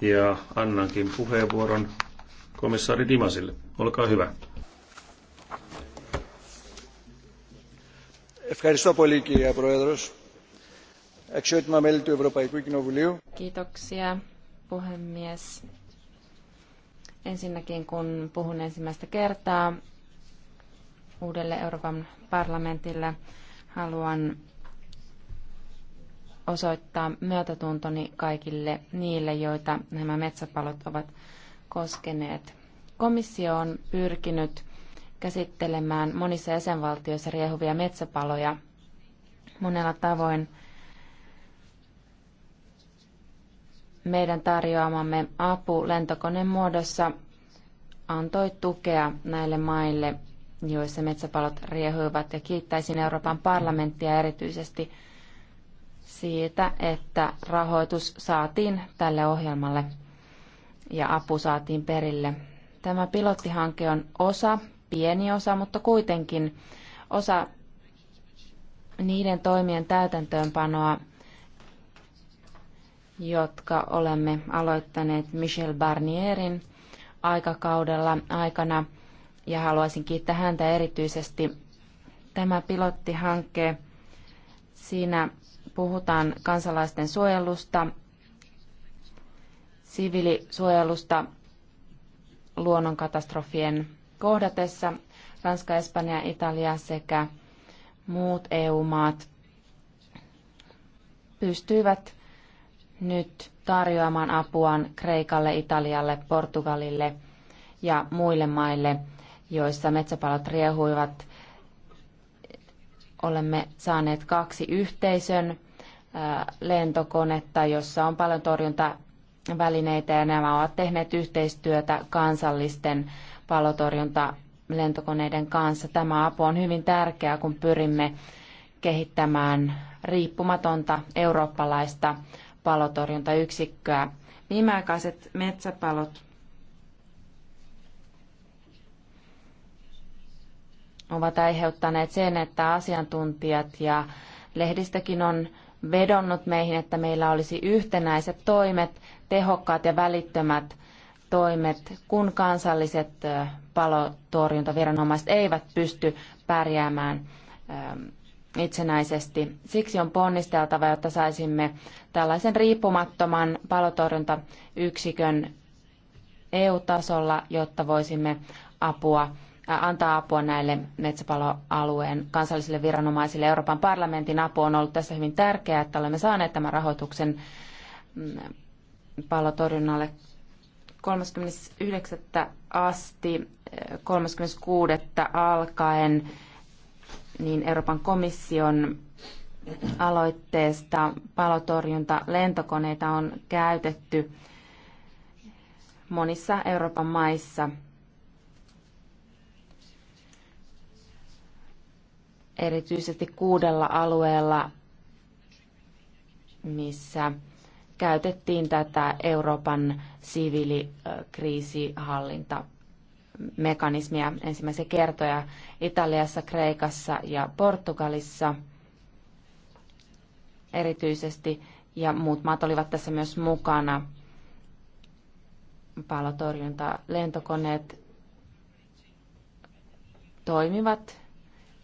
ja annankin puheenvuoron komissaari Dimasille. Olkaa hyvä. Kiitoksia puhemies. Ensinnäkin kun puhun ensimmäistä kertaa uudelle Euroopan parlamentille, haluan osoittaa myötätuntoni kaikille niille, joita nämä metsäpalot ovat koskeneet. Komissio on pyrkinyt käsittelemään monissa jäsenvaltioissa riehuvia metsäpaloja monella tavoin. Meidän tarjoamamme apu lentokoneen muodossa antoi tukea näille maille, joissa metsäpalot riehuivat, ja kiittäisin Euroopan parlamenttia erityisesti siitä, että rahoitus saatiin tälle ohjelmalle ja apu saatiin perille. Tämä pilottihanke on osa, pieni osa, mutta kuitenkin osa niiden toimien täytäntöönpanoa, jotka olemme aloittaneet Michel Barnierin aikakaudella aikana. Ja haluaisin kiittää häntä erityisesti. Tämä pilottihanke, siinä puhutaan kansalaisten suojelusta, siviilisuojelusta luonnonkatastrofien kohdatessa. Ranska, Espanja, Italia sekä muut EU-maat pystyivät nyt tarjoamaan apuaan Kreikalle, Italialle, Portugalille ja muille maille, joissa metsäpalot riehuivat. Olemme saaneet kaksi yhteisön lentokonetta, jossa on paljon torjuntavälineitä ja nämä ovat tehneet yhteistyötä kansallisten palotorjunta lentokoneiden kanssa. Tämä apu on hyvin tärkeää, kun pyrimme kehittämään riippumatonta eurooppalaista palotorjuntayksikköä. Viimeaikaiset metsäpalot ovat aiheuttaneet sen, että asiantuntijat ja lehdistäkin on vedonnut meihin, että meillä olisi yhtenäiset toimet, tehokkaat ja välittömät toimet, kun kansalliset palotorjuntaviranomaiset eivät pysty pärjäämään itsenäisesti. Siksi on ponnisteltava, jotta saisimme tällaisen riippumattoman palotorjuntayksikön EU-tasolla, jotta voisimme apua antaa apua näille metsäpaloalueen kansallisille viranomaisille. Euroopan parlamentin apu on ollut tässä hyvin tärkeää, että olemme saaneet tämän rahoituksen mm, palotorjunnalle 39. asti, 36. alkaen, niin Euroopan komission aloitteesta palotorjunta lentokoneita on käytetty monissa Euroopan maissa – erityisesti kuudella alueella, missä käytettiin tätä Euroopan siviilikriisihallintamekanismia mekanismia kertoja Italiassa, Kreikassa ja Portugalissa erityisesti, ja muut maat olivat tässä myös mukana. Palotorjunta, lentokoneet toimivat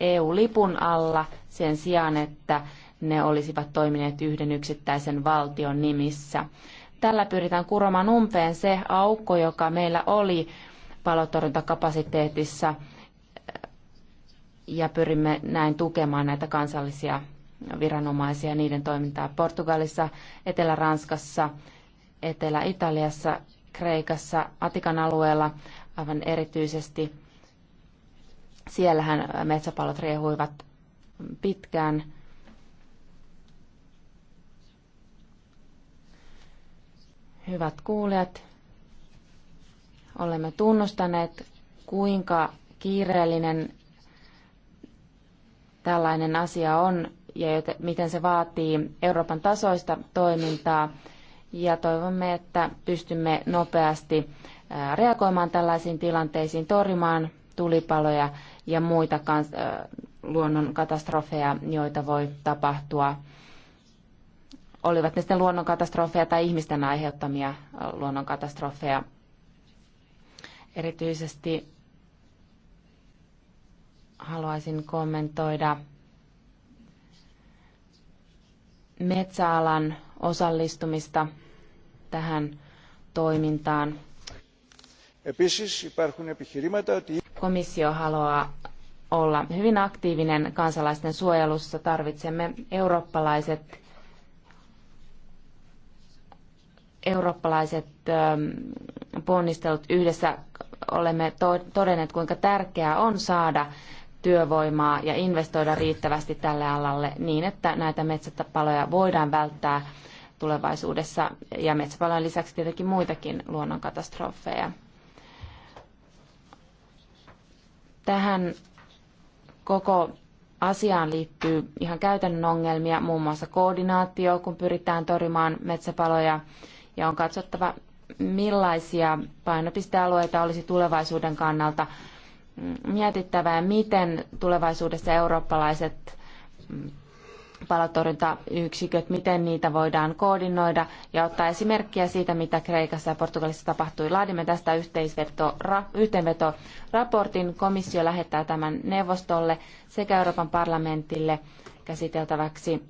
EU-lipun alla sen sijaan, että ne olisivat toimineet yhden yksittäisen valtion nimissä. Tällä pyritään kuromaan umpeen se aukko, joka meillä oli palotorjuntakapasiteetissa ja pyrimme näin tukemaan näitä kansallisia viranomaisia ja niiden toimintaa Portugalissa, Etelä-Ranskassa, Etelä-Italiassa, Kreikassa, Atikan alueella aivan erityisesti Siellähän metsäpalot riehuivat pitkään. Hyvät kuulijat, olemme tunnustaneet, kuinka kiireellinen tällainen asia on ja miten se vaatii Euroopan tasoista toimintaa. Ja toivomme, että pystymme nopeasti reagoimaan tällaisiin tilanteisiin, torjumaan tulipaloja ja muita kans, luonnon katastrofeja, joita voi tapahtua. Olivat ne sitten luonnonkatastrofeja tai ihmisten aiheuttamia luonnonkatastrofeja. Erityisesti haluaisin kommentoida metsäalan osallistumista tähän toimintaan. Επίσης υπάρχουν επιχειρήματα ότι... Komissio haluaa olla hyvin aktiivinen kansalaisten suojelussa. Tarvitsemme eurooppalaiset, eurooppalaiset ähm, ponnistelut yhdessä. Olemme todenneet, kuinka tärkeää on saada työvoimaa ja investoida riittävästi tälle alalle niin, että näitä metsäpaloja voidaan välttää tulevaisuudessa ja metsäpalojen lisäksi tietenkin muitakin luonnonkatastrofeja. Tähän koko asiaan liittyy ihan käytännön ongelmia, muun muassa koordinaatio, kun pyritään torjumaan metsäpaloja, ja on katsottava, millaisia painopistealueita olisi tulevaisuuden kannalta mm, mietittävä miten tulevaisuudessa eurooppalaiset mm, palotorjuntayksiköt, miten niitä voidaan koordinoida ja ottaa esimerkkiä siitä, mitä Kreikassa ja Portugalissa tapahtui. Laadimme tästä yhteenvetoraportin. Komissio lähettää tämän neuvostolle sekä Euroopan parlamentille käsiteltäväksi.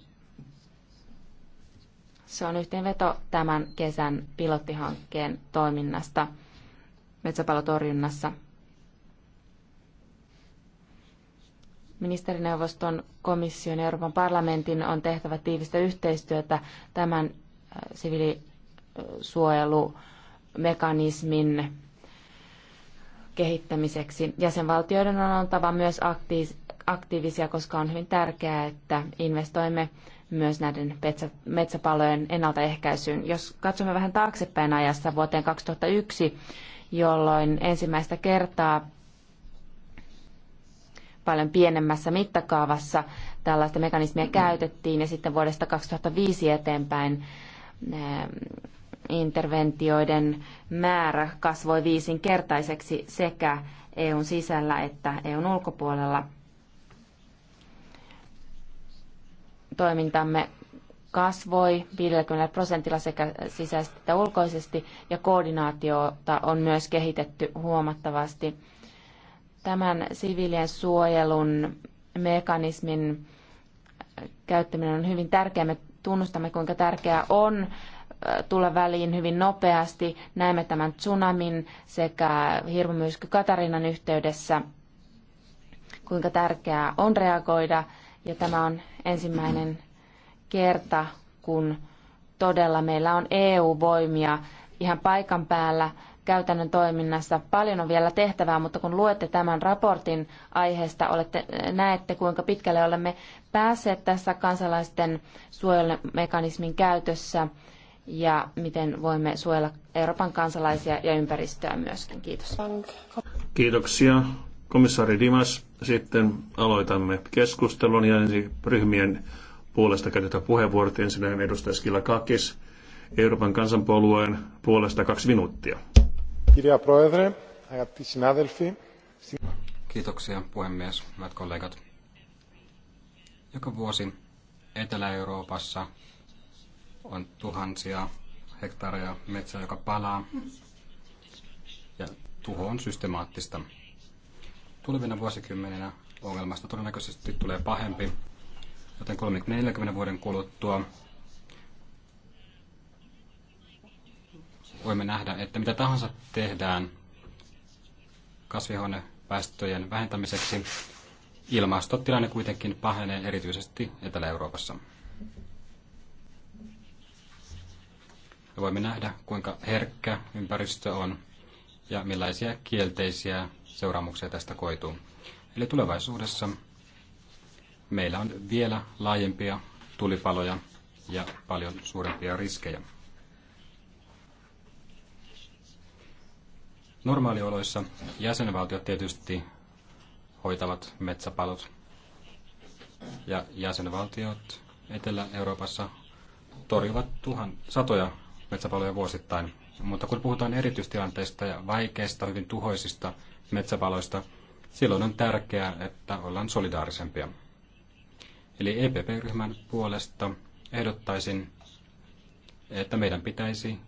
Se on yhteenveto tämän kesän pilottihankkeen toiminnasta metsäpalotorjunnassa. Ministerineuvoston, komission ja Euroopan parlamentin on tehtävä tiivistä yhteistyötä tämän äh, siviilisuojelumekanismin kehittämiseksi. Jäsenvaltioiden on oltava myös aktiivisia, koska on hyvin tärkeää, että investoimme myös näiden metsäpalojen ennaltaehkäisyyn. Jos katsomme vähän taaksepäin ajassa vuoteen 2001, jolloin ensimmäistä kertaa paljon pienemmässä mittakaavassa tällaista mekanismia käytettiin ja sitten vuodesta 2005 eteenpäin eh, interventioiden määrä kasvoi viisinkertaiseksi sekä EUn sisällä että EUn ulkopuolella. Toimintamme kasvoi 50 prosentilla sekä sisäisesti että ulkoisesti ja koordinaatiota on myös kehitetty huomattavasti Tämän siviilien suojelun mekanismin käyttäminen on hyvin tärkeää. Me tunnustamme, kuinka tärkeää on äh, tulla väliin hyvin nopeasti. Näemme tämän tsunamin sekä hirmumyrsky Katarinan yhteydessä, kuinka tärkeää on reagoida. Ja tämä on ensimmäinen kerta, kun todella meillä on EU-voimia ihan paikan päällä käytännön toiminnassa. Paljon on vielä tehtävää, mutta kun luette tämän raportin aiheesta, olette, näette kuinka pitkälle olemme päässeet tässä kansalaisten suojelumekanismin käytössä ja miten voimme suojella Euroopan kansalaisia ja ympäristöä myöskin. Kiitos. Kiitoksia. Komissaari Dimas, sitten aloitamme keskustelun ja ensi ryhmien puolesta käytetään puheenvuorot. Ensinnäkin edustaja Skila Kakis, Euroopan kansanpuolueen puolesta kaksi minuuttia. Kiitoksia puhemies, hyvät kollegat. Joka vuosi Etelä-Euroopassa on tuhansia hehtaareja metsää, joka palaa ja tuho on systemaattista. Tulevina vuosikymmeninä ongelmasta todennäköisesti tulee pahempi, joten 30-40 vuoden kuluttua voimme nähdä, että mitä tahansa tehdään kasvihuonepäästöjen vähentämiseksi, ilmastotilanne kuitenkin pahenee erityisesti Etelä-Euroopassa. Ja voimme nähdä, kuinka herkkä ympäristö on ja millaisia kielteisiä seuraamuksia tästä koituu. Eli tulevaisuudessa meillä on vielä laajempia tulipaloja ja paljon suurempia riskejä. Normaalioloissa jäsenvaltiot tietysti hoitavat metsäpalot. Ja jäsenvaltiot Etelä-Euroopassa torjuvat tuhan, satoja metsäpaloja vuosittain. Mutta kun puhutaan erityistilanteista ja vaikeista, hyvin tuhoisista metsäpaloista, silloin on tärkeää, että ollaan solidaarisempia. Eli EPP-ryhmän puolesta ehdottaisin, että meidän pitäisi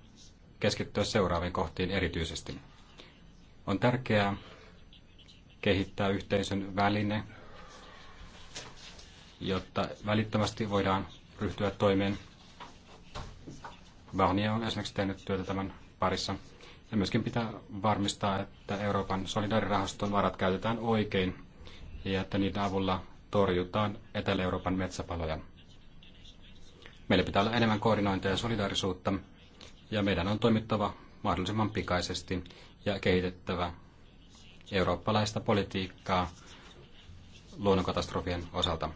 keskittyä seuraaviin kohtiin erityisesti. On tärkeää kehittää yhteisön väline, jotta välittömästi voidaan ryhtyä toimeen. Vaunia on esimerkiksi tehnyt työtä tämän parissa. Ja myöskin pitää varmistaa, että Euroopan solidaarirahaston varat käytetään oikein ja että niiden avulla torjutaan Etelä-Euroopan metsäpaloja. Meillä pitää olla enemmän koordinointia ja solidaarisuutta, ja meidän on toimittava mahdollisimman pikaisesti, ja kehitettävä eurooppalaista politiikkaa luonnonkatastrofien osalta.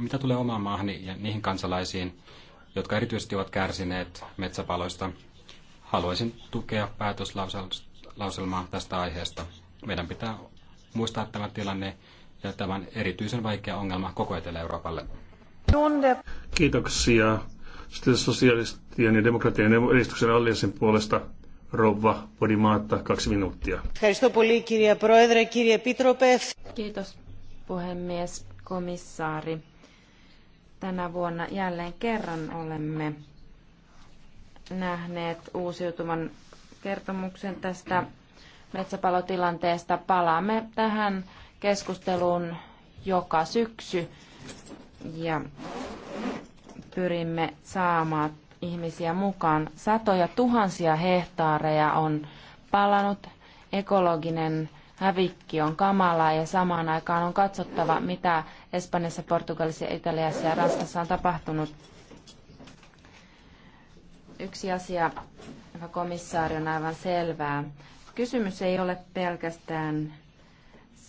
Mitä tulee omaan maahani ja niihin kansalaisiin, jotka erityisesti ovat kärsineet metsäpaloista, haluaisin tukea päätöslauselmaa tästä aiheesta. Meidän pitää muistaa tämä tilanne ja tämän erityisen vaikea ongelma koko Etelä-Euroopalle. Kiitoksia. Sitten sosialistien ja demokratian edistyksen alliansin puolesta rouva Podimaatta, kaksi minuuttia. Kiitos puhemies, komissaari. Tänä vuonna jälleen kerran olemme nähneet uusiutuvan kertomuksen tästä metsäpalotilanteesta. Palaamme tähän keskusteluun joka syksy ja pyrimme saamaan ihmisiä mukaan. Satoja tuhansia hehtaareja on palanut, ekologinen hävikki on kamala ja samaan aikaan on katsottava, mitä Espanjassa, Portugalissa, Italiassa ja Ranskassa on tapahtunut. Yksi asia, joka komissaari on aivan selvää. Kysymys ei ole pelkästään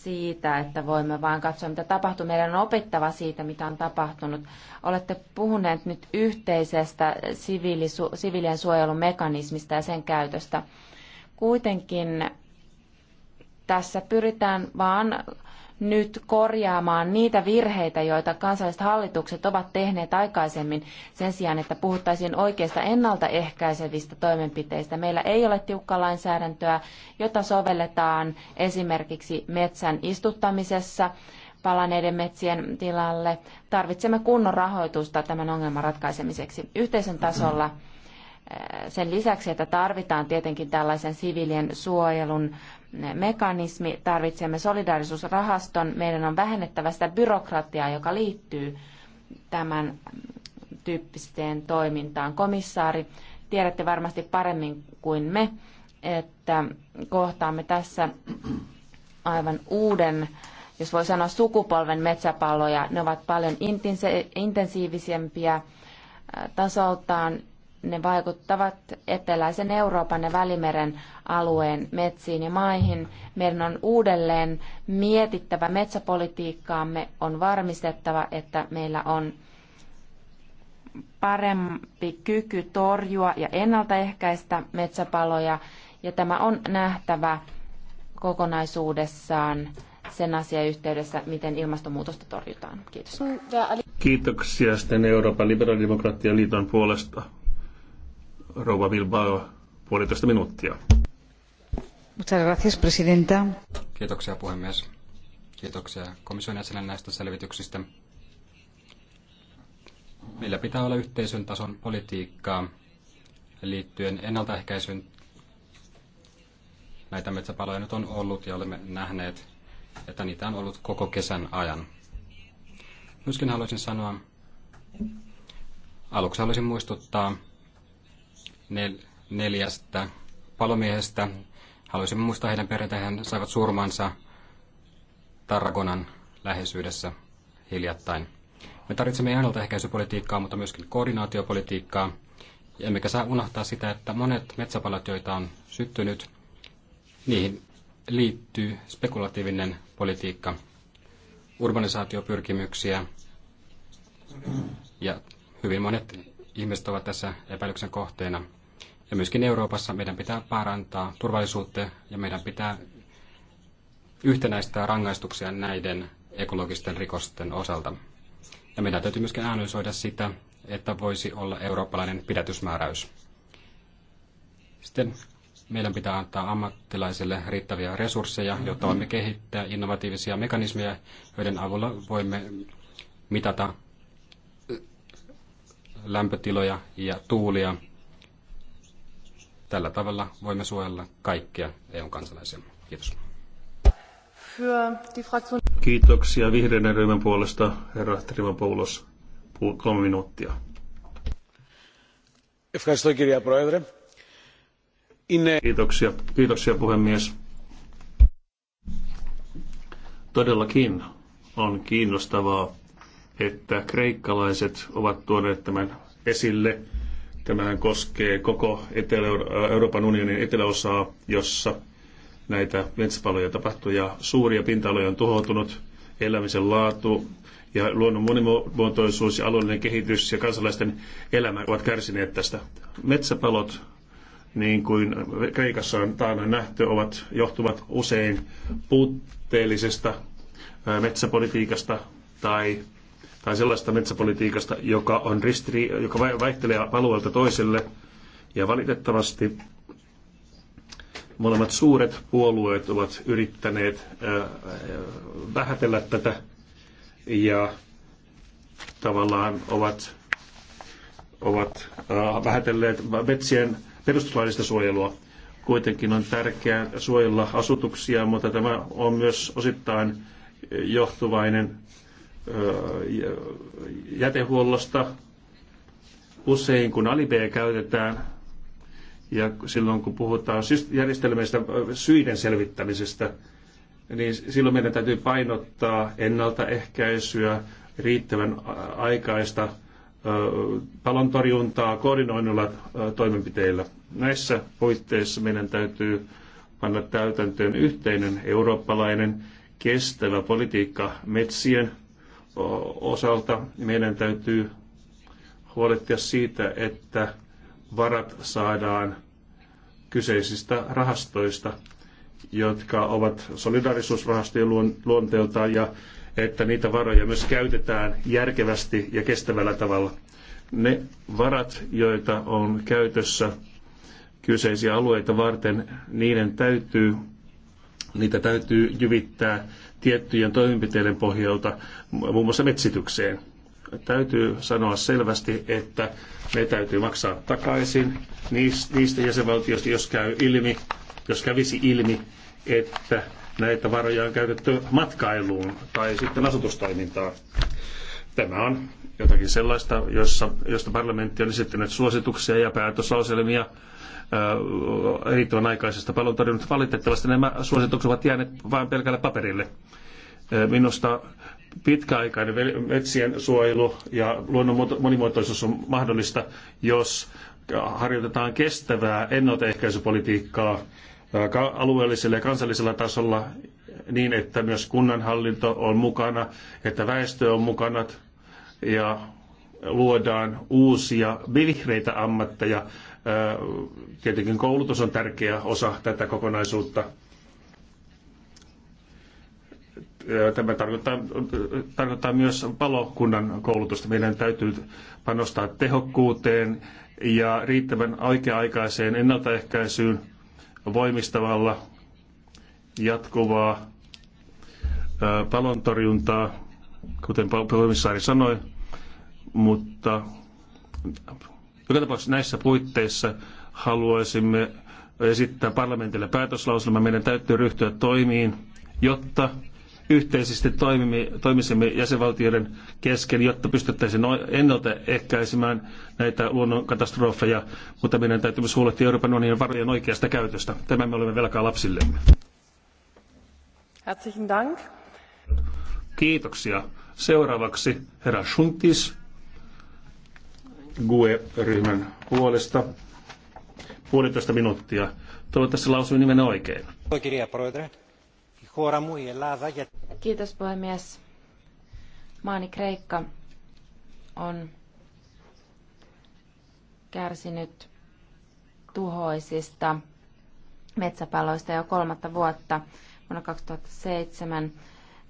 siitä, että voimme vain katsoa, mitä tapahtuu. Meidän on opettava siitä, mitä on tapahtunut. Olette puhuneet nyt yhteisestä siviilisu- siviilien suojelumekanismista ja sen käytöstä. Kuitenkin tässä pyritään vaan nyt korjaamaan niitä virheitä, joita kansalliset hallitukset ovat tehneet aikaisemmin sen sijaan, että puhuttaisiin oikeista ennaltaehkäisevistä toimenpiteistä. Meillä ei ole tiukkaa lainsäädäntöä, jota sovelletaan esimerkiksi metsän istuttamisessa palaneiden metsien tilalle. Tarvitsemme kunnon rahoitusta tämän ongelman ratkaisemiseksi yhteisön tasolla eh, sen lisäksi, että tarvitaan tietenkin tällaisen siviilien suojelun mekanismi, tarvitsemme solidaarisuusrahaston, meidän on vähennettävä sitä byrokratiaa, joka liittyy tämän tyyppiseen toimintaan. Komissaari, tiedätte varmasti paremmin kuin me, että kohtaamme tässä aivan uuden, jos voi sanoa sukupolven metsäpalloja. Ne ovat paljon intensiivisempiä tasoltaan ne vaikuttavat eteläisen Euroopan ja Välimeren alueen metsiin ja maihin. Meidän on uudelleen mietittävä metsäpolitiikkaamme, on varmistettava, että meillä on parempi kyky torjua ja ennaltaehkäistä metsäpaloja, ja tämä on nähtävä kokonaisuudessaan sen asian yhteydessä, miten ilmastonmuutosta torjutaan. Kiitos. Kiitoksia sitten Euroopan liberaalidemokratian liiton puolesta. Rouva Bilbao, puolitoista minuuttia. Muchas gracias, presidenta. Kiitoksia puhemies. Kiitoksia komission jäsenen näistä selvityksistä. Meillä pitää olla yhteisön tason politiikkaa liittyen ennaltaehkäisyyn. Näitä metsäpaloja nyt on ollut ja olemme nähneet, että niitä on ollut koko kesän ajan. Myöskin haluaisin sanoa, aluksi haluaisin muistuttaa nel, neljästä palomiehestä. Haluaisimme muistaa heidän perheitään, he saivat surmansa Tarragonan läheisyydessä hiljattain. Me tarvitsemme ennaltaehkäisypolitiikkaa, mutta myöskin koordinaatiopolitiikkaa. Emmekä saa unohtaa sitä, että monet metsäpalat, joita on syttynyt, niihin liittyy spekulatiivinen politiikka, urbanisaatiopyrkimyksiä ja hyvin monet ihmiset ovat tässä epäilyksen kohteena. Ja myöskin Euroopassa meidän pitää parantaa turvallisuutta ja meidän pitää yhtenäistää rangaistuksia näiden ekologisten rikosten osalta. Ja meidän täytyy myöskin analysoida sitä, että voisi olla eurooppalainen pidätysmääräys. Sitten meidän pitää antaa ammattilaisille riittäviä resursseja, jotta voimme kehittää innovatiivisia mekanismeja, joiden avulla voimme mitata lämpötiloja ja tuulia – Tällä tavalla voimme suojella kaikkia EUn kansalaisia. Kiitos. Kiitoksia vihreiden ryhmän puolesta, herra Trimopoulos. Kolme minuuttia. Kiitoksia, kiitoksia puhemies. Todellakin on kiinnostavaa, että kreikkalaiset ovat tuoneet tämän esille Tämähän koskee koko Etelä Euroopan unionin eteläosaa, jossa näitä metsäpaloja tapahtuu ja suuria pinta-aloja on tuhoutunut, elämisen laatu ja luonnon monimuotoisuus ja alueellinen kehitys ja kansalaisten elämä ovat kärsineet tästä. Metsäpalot, niin kuin Kreikassa on taannoin nähty, ovat, johtuvat usein puutteellisesta metsäpolitiikasta tai tai sellaista metsäpolitiikasta, joka, on ristiri, joka vaihtelee alueelta toiselle. Ja valitettavasti molemmat suuret puolueet ovat yrittäneet vähätellä tätä ja tavallaan ovat, ovat vähätelleet metsien perustuslaillista suojelua. Kuitenkin on tärkeää suojella asutuksia, mutta tämä on myös osittain johtuvainen jätehuollosta usein, kun alibee käytetään ja silloin kun puhutaan järjestelmistä syiden selvittämisestä, niin silloin meidän täytyy painottaa ennaltaehkäisyä, riittävän aikaista palontorjuntaa koordinoinnilla toimenpiteillä. Näissä puitteissa meidän täytyy panna täytäntöön yhteinen eurooppalainen kestävä politiikka metsien osalta meidän täytyy huolehtia siitä, että varat saadaan kyseisistä rahastoista, jotka ovat solidarisuusrahastojen luonteeltaan ja että niitä varoja myös käytetään järkevästi ja kestävällä tavalla. Ne varat, joita on käytössä kyseisiä alueita varten, niiden täytyy, niitä täytyy jyvittää tiettyjen toimenpiteiden pohjalta, muun muassa metsitykseen. Täytyy sanoa selvästi, että ne täytyy maksaa takaisin niistä jäsenvaltioista, jos käy ilmi, jos kävisi ilmi, että näitä varoja on käytetty matkailuun tai sitten asutustoimintaan. Tämä on jotakin sellaista, jossa, josta parlamentti on esittänyt suosituksia ja päätöslauselmia riittävän aikaisesta palveluntarjonnasta. Valitettavasti nämä suositukset ovat jääneet vain pelkälle paperille. Minusta pitkäaikainen metsien suojelu ja luonnon monimuotoisuus on mahdollista, jos harjoitetaan kestävää ennaltaehkäisypolitiikkaa alueellisella ja kansallisella tasolla niin, että myös kunnanhallinto on mukana, että väestö on mukana ja luodaan uusia vihreitä ammatteja, Tietenkin koulutus on tärkeä osa tätä kokonaisuutta. Tämä tarkoittaa, tarkoittaa myös palokunnan koulutusta. Meidän täytyy panostaa tehokkuuteen ja riittävän oikea-aikaiseen ennaltaehkäisyyn voimistavalla jatkuvaa palontorjuntaa, kuten komissaari sanoi, mutta joka tapauksessa näissä puitteissa haluaisimme esittää parlamentille päätöslauselma. Meidän täytyy ryhtyä toimiin, jotta yhteisesti toimimme, toimisimme jäsenvaltioiden kesken, jotta pystyttäisiin no-, ennaltaehkäisemään näitä luonnonkatastrofeja, mutta meidän täytyy myös huolehtia Euroopan unionin varojen oikeasta käytöstä. Tämä me olemme velkaa lapsillemme. Herzlichen Dank. Kiitoksia. Seuraavaksi herra Schuntis GUE-ryhmän puolesta puolitoista minuuttia. Toivottavasti lausuin nimen oikein. Kiitos puhemies. Maani Kreikka on kärsinyt tuhoisista metsäpaloista jo kolmatta vuotta. Vuonna 2007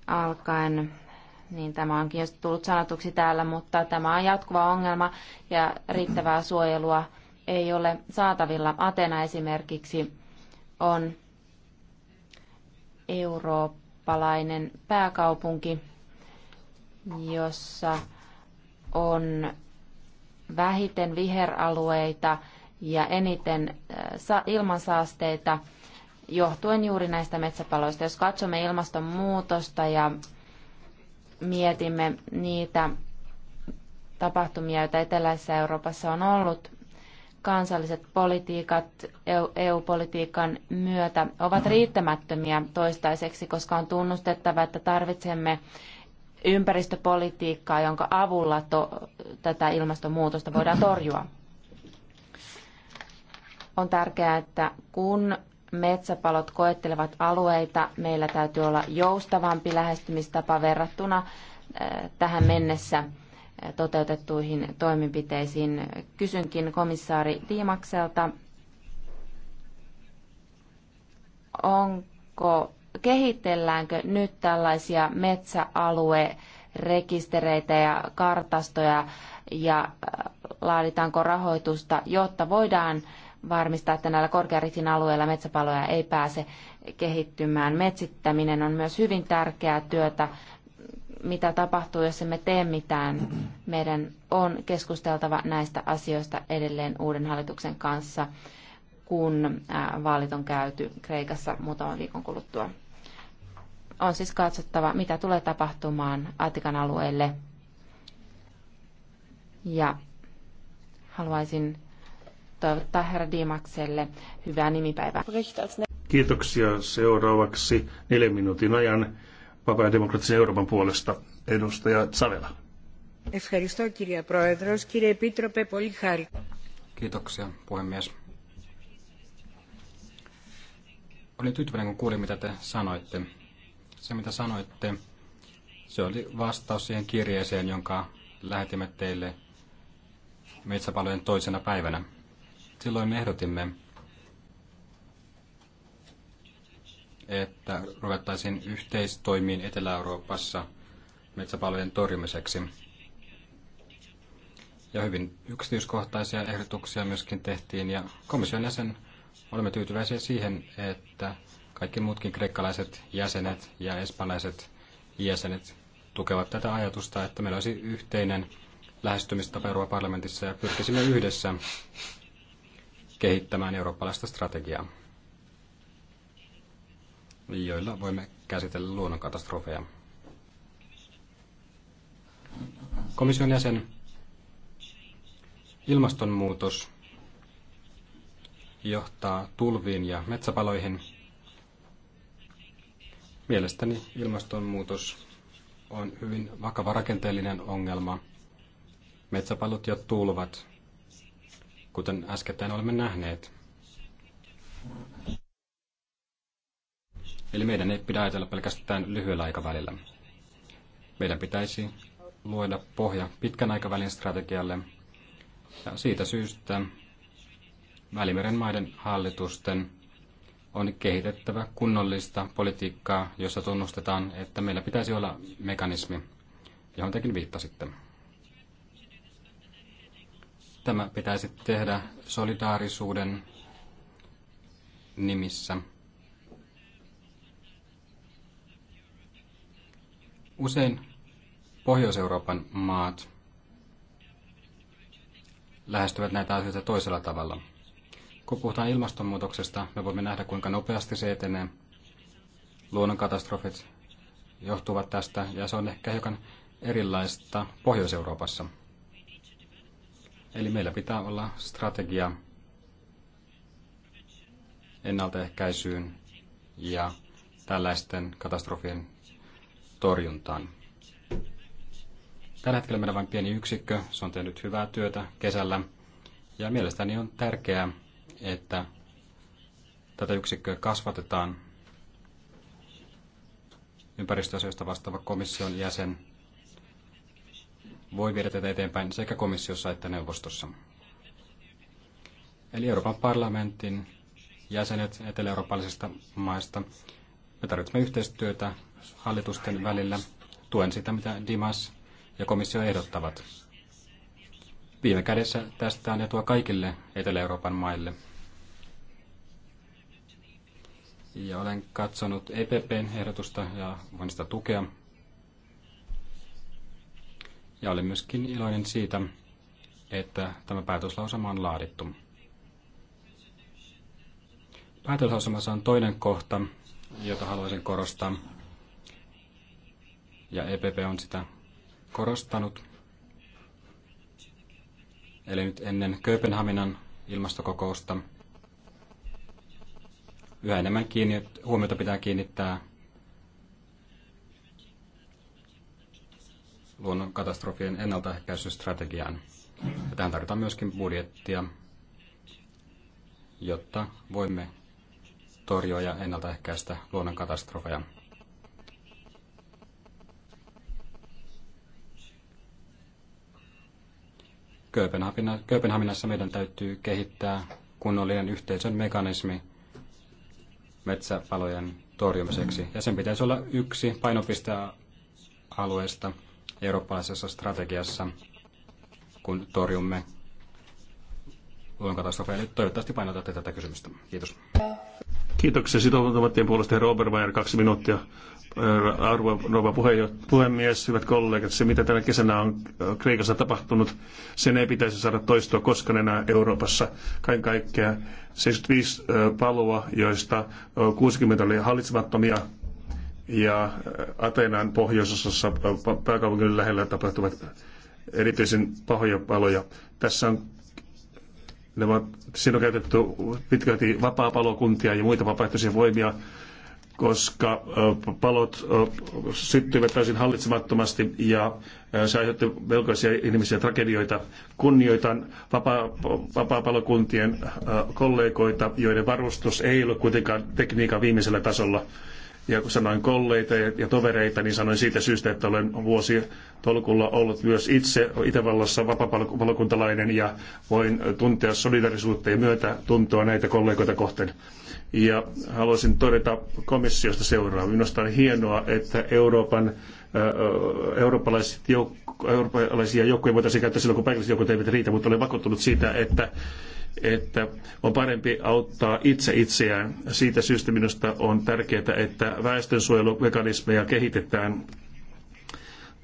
alkaen niin tämä onkin jo tullut sanotuksi täällä, mutta tämä on jatkuva ongelma ja riittävää suojelua ei ole saatavilla. Atena esimerkiksi on eurooppalainen pääkaupunki, jossa on vähiten viheralueita ja eniten äh, ilmansaasteita johtuen juuri näistä metsäpaloista. Jos katsomme ilmastonmuutosta ja mietimme niitä tapahtumia, joita eteläisessä Euroopassa on ollut, kansalliset politiikat EU-politiikan e myötä ovat riittämättömiä toistaiseksi, koska on tunnustettava, että tarvitsemme ympäristöpolitiikkaa, jonka avulla tätä ilmastonmuutosta voidaan torjua. On tärkeää, että kun metsäpalot koettelevat alueita, meillä täytyy olla joustavampi lähestymistapa verrattuna äh, tähän mennessä äh, toteutettuihin toimenpiteisiin. Kysynkin komissaari Tiimakselta, onko, kehitelläänkö nyt tällaisia metsäaluerekistereitä ja kartastoja ja äh, laaditaanko rahoitusta, jotta voidaan varmistaa, että näillä korkearikin alueilla metsäpaloja ei pääse kehittymään. Metsittäminen on myös hyvin tärkeää työtä. Mitä tapahtuu, jos emme tee mitään? Meidän on keskusteltava näistä asioista edelleen uuden hallituksen kanssa, kun vaalit on käyty Kreikassa muutaman viikon kuluttua. On siis katsottava, mitä tulee tapahtumaan Atikan alueelle. Ja haluaisin toivottaa herra Dimakselle hyvää nimipäivää. Kiitoksia seuraavaksi neljän minuutin ajan vapaa- ja demokraattisen Euroopan puolesta edustaja Savela. Kiitoksia puhemies. Olin tyytyväinen, kun kuulin, mitä te sanoitte. Se, mitä sanoitte, se oli vastaus siihen kirjeeseen, jonka lähetimme teille metsäpalojen toisena päivänä. Silloin me ehdotimme, että ruvettaisiin yhteistoimiin Etelä-Euroopassa metsäpalvelujen torjumiseksi. Ja hyvin yksityiskohtaisia ehdotuksia myöskin tehtiin, ja komission jäsen olemme tyytyväisiä siihen, että kaikki muutkin kreikkalaiset jäsenet ja espanjalaiset jäsenet tukevat tätä ajatusta, että meillä olisi yhteinen lähestymistapa Euroopan parlamentissa ja pyrkisimme yhdessä kehittämään eurooppalaista strategiaa, joilla voimme käsitellä luonnonkatastrofeja. Komission jäsen, ilmastonmuutos johtaa tulviin ja metsäpaloihin. Mielestäni ilmastonmuutos on hyvin vakava rakenteellinen ongelma. Metsäpalot ja tulvat kuten äskettäin olemme nähneet. Eli meidän ei pidä ajatella pelkästään lyhyellä aikavälillä. Meidän pitäisi luoda pohja pitkän aikavälin strategialle, ja siitä syystä Välimeren maiden hallitusten on kehitettävä kunnollista politiikkaa, jossa tunnustetaan, että meillä pitäisi olla mekanismi, johon tekin viittasitte. Tämä pitäisi tehdä solidaarisuuden nimissä. Usein Pohjois-Euroopan maat lähestyvät näitä asioita toisella tavalla. Kun puhutaan ilmastonmuutoksesta, me voimme nähdä, kuinka nopeasti se etenee. Luonnonkatastrofit johtuvat tästä, ja se on ehkä hiukan erilaista Pohjois-Euroopassa. Eli meillä pitää olla strategia ennaltaehkäisyyn ja tällaisten katastrofien torjuntaan. Tällä hetkellä meillä on vain pieni yksikkö, se on tehnyt hyvää työtä kesällä. Ja mielestäni on tärkeää, että tätä yksikköä kasvatetaan. Ympäristöasioista vastaava komission jäsen voi viedä tätä eteenpäin sekä komissiossa että neuvostossa. Eli Euroopan parlamentin jäsenet etelä-eurooppalaisista maista, me tarvitsemme yhteistyötä hallitusten välillä. Tuen sitä, mitä Dimas ja komissio ehdottavat. Viime kädessä tästä on etua kaikille Etelä-Euroopan maille. Ja olen katsonut EPPn ehdotusta ja voin sitä tukea. Ja olen myöskin iloinen siitä, että tämä päätöslausema on laadittu. Päätöslausemassa on toinen kohta, jota haluaisin korostaa. Ja EPP on sitä korostanut. Eli nyt ennen Kööpenhaminan ilmastokokousta yhä enemmän kiinni, huomiota pitää kiinnittää luonnonkatastrofien ennaltaehkäisystrategiaan. Ja tähän tarvitaan myöskin budjettia, jotta voimme torjua ja ennaltaehkäistä luonnonkatastrofeja. Kööpenhaminassa meidän täytyy kehittää kunnollinen yhteisön mekanismi metsäpalojen torjumiseksi. Ja sen pitäisi olla yksi painopistealueesta eurooppalaisessa strategiassa, kun torjumme luonnonkatastrofeja. eli toivottavasti painotatte tätä kysymystä. Kiitos. Kiitoksia sitoutumattomien puolesta herra Obermeier, kaksi minuuttia. Arvo rouva puhemies, hyvät kollegat, se mitä tänä kesänä on Kreikassa tapahtunut, sen ei pitäisi saada toistua koskaan enää Euroopassa. Kaiken kaikkiaan 75 paloa, joista 60 oli hallitsemattomia ja äh, Atenan pohjoisosassa äh, pääkaupungin lähellä tapahtuvat erityisen pahoja paloja. Tässä on ne on, siinä on käytetty pitkälti vapaa-palokuntia ja muita vapaaehtoisia voimia, koska äh, palot syttyivät täysin hallitsemattomasti ja se aiheutti melkoisia ihmisiä tragedioita. Kunnioitan vapaa, vapaa-palokuntien kollegoita, joiden varustus ei ole kuitenkaan tekniikan viimeisellä tasolla ja kun sanoin kolleita ja tovereita, niin sanoin siitä syystä, että olen vuosi tolkulla ollut myös itse Itävallassa vapapalokuntalainen ja voin tuntea solidarisuutta ja myötätuntoa näitä kollegoita kohtaan. Ja haluaisin todeta komissiosta seuraavaa. Minusta on hienoa, että Euroopan eurooppalaiset jouk- eurooppalaisia joukkoja voitaisiin käyttää silloin, kun paikalliset joukot eivät riitä, mutta olen vakuuttunut siitä, että että on parempi auttaa itse itseään. Siitä syystä minusta on tärkeää, että väestönsuojelumekanismeja kehitetään.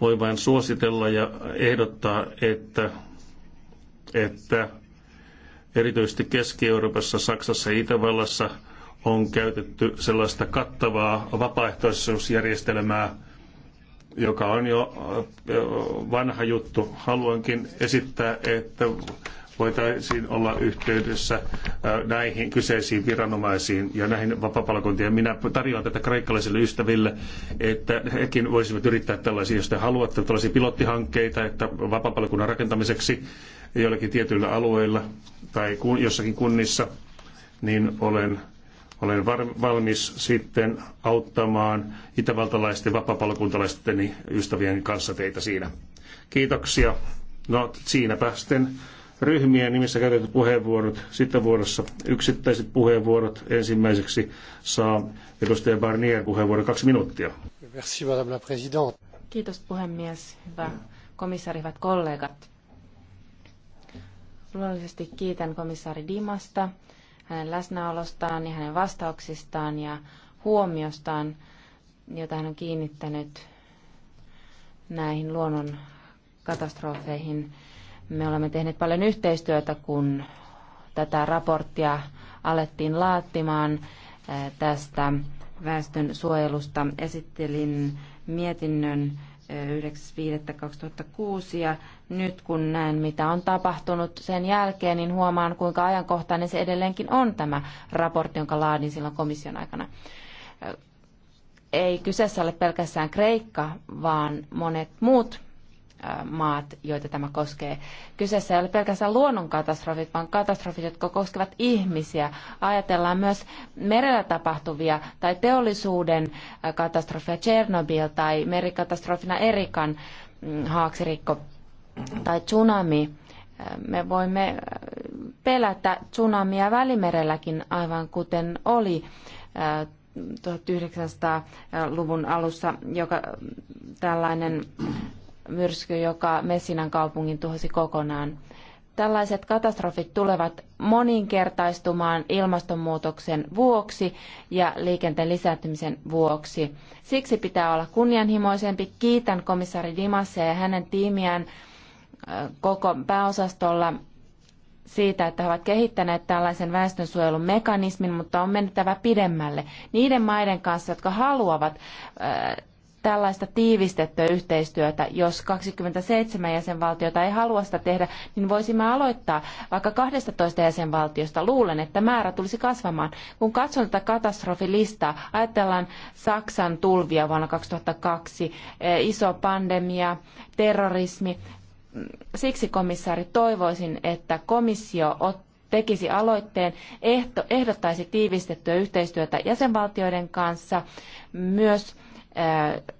Voin vain suositella ja ehdottaa, että, että erityisesti Keski-Euroopassa, Saksassa ja Itävallassa on käytetty sellaista kattavaa vapaaehtoisuusjärjestelmää, joka on jo vanha juttu. Haluankin esittää, että voitaisiin olla yhteydessä näihin kyseisiin viranomaisiin ja näihin vapapalkointiin. Minä tarjoan tätä kreikkalaisille ystäville, että hekin voisivat yrittää tällaisia, jos te haluatte, tällaisia pilottihankkeita, että vapapalkunnan rakentamiseksi joillakin tietyillä alueilla tai jossakin kunnissa, niin olen olen valmis sitten auttamaan itävaltalaisten vapapalkuntalaisten ystävien kanssa teitä siinä. Kiitoksia. No siinäpä sitten ryhmien nimissä käytetyt puheenvuorot, sitten vuorossa yksittäiset puheenvuorot. Ensimmäiseksi saa edustaja Barnier puheenvuoro kaksi minuuttia. Merci, madame la présidente. Kiitos puhemies, hyvä komissaari, hyvät kollegat. Luonnollisesti kiitän komissaari Dimasta hänen läsnäolostaan ja hänen vastauksistaan ja huomiostaan, jota hän on kiinnittänyt näihin luonnon katastrofeihin me olemme tehneet paljon yhteistyötä, kun tätä raporttia alettiin laattimaan tästä väestön suojelusta. Esittelin mietinnön 9.5.2006 ja nyt kun näen mitä on tapahtunut sen jälkeen, niin huomaan kuinka ajankohtainen se edelleenkin on tämä raportti, jonka laadin silloin komission aikana. Ei kyseessä ole pelkästään Kreikka, vaan monet muut maat, joita tämä koskee. Kyseessä ei ole pelkästään luonnonkatastrofit, vaan katastrofit, jotka koskevat ihmisiä. Ajatellaan myös merellä tapahtuvia tai teollisuuden katastrofia Tchernobyl tai merikatastrofina Erikan mm, haaksirikko tai tsunami. Me voimme pelätä tsunamia välimerelläkin, aivan kuten oli 1900-luvun alussa, joka tällainen myrsky, joka Messinan kaupungin tuhosi kokonaan. Tällaiset katastrofit tulevat moninkertaistumaan ilmastonmuutoksen vuoksi ja liikenteen lisääntymisen vuoksi. Siksi pitää olla kunnianhimoisempi. Kiitän komissaari Dimassia ja hänen tiimiään koko pääosastolla siitä, että he ovat kehittäneet tällaisen väestönsuojelun mekanismin, mutta on mennyttävä pidemmälle. Niiden maiden kanssa, jotka haluavat tällaista tiivistettyä yhteistyötä. Jos 27 jäsenvaltiota ei halua sitä tehdä, niin voisimme aloittaa vaikka 12 jäsenvaltiosta. Luulen, että määrä tulisi kasvamaan. Kun katson tätä katastrofilistaa, ajatellaan Saksan tulvia vuonna 2002, e, iso pandemia, terrorismi. Siksi komissaari toivoisin, että komissio tekisi aloitteen, ehto, ehdottaisi tiivistettyä yhteistyötä jäsenvaltioiden kanssa, myös e,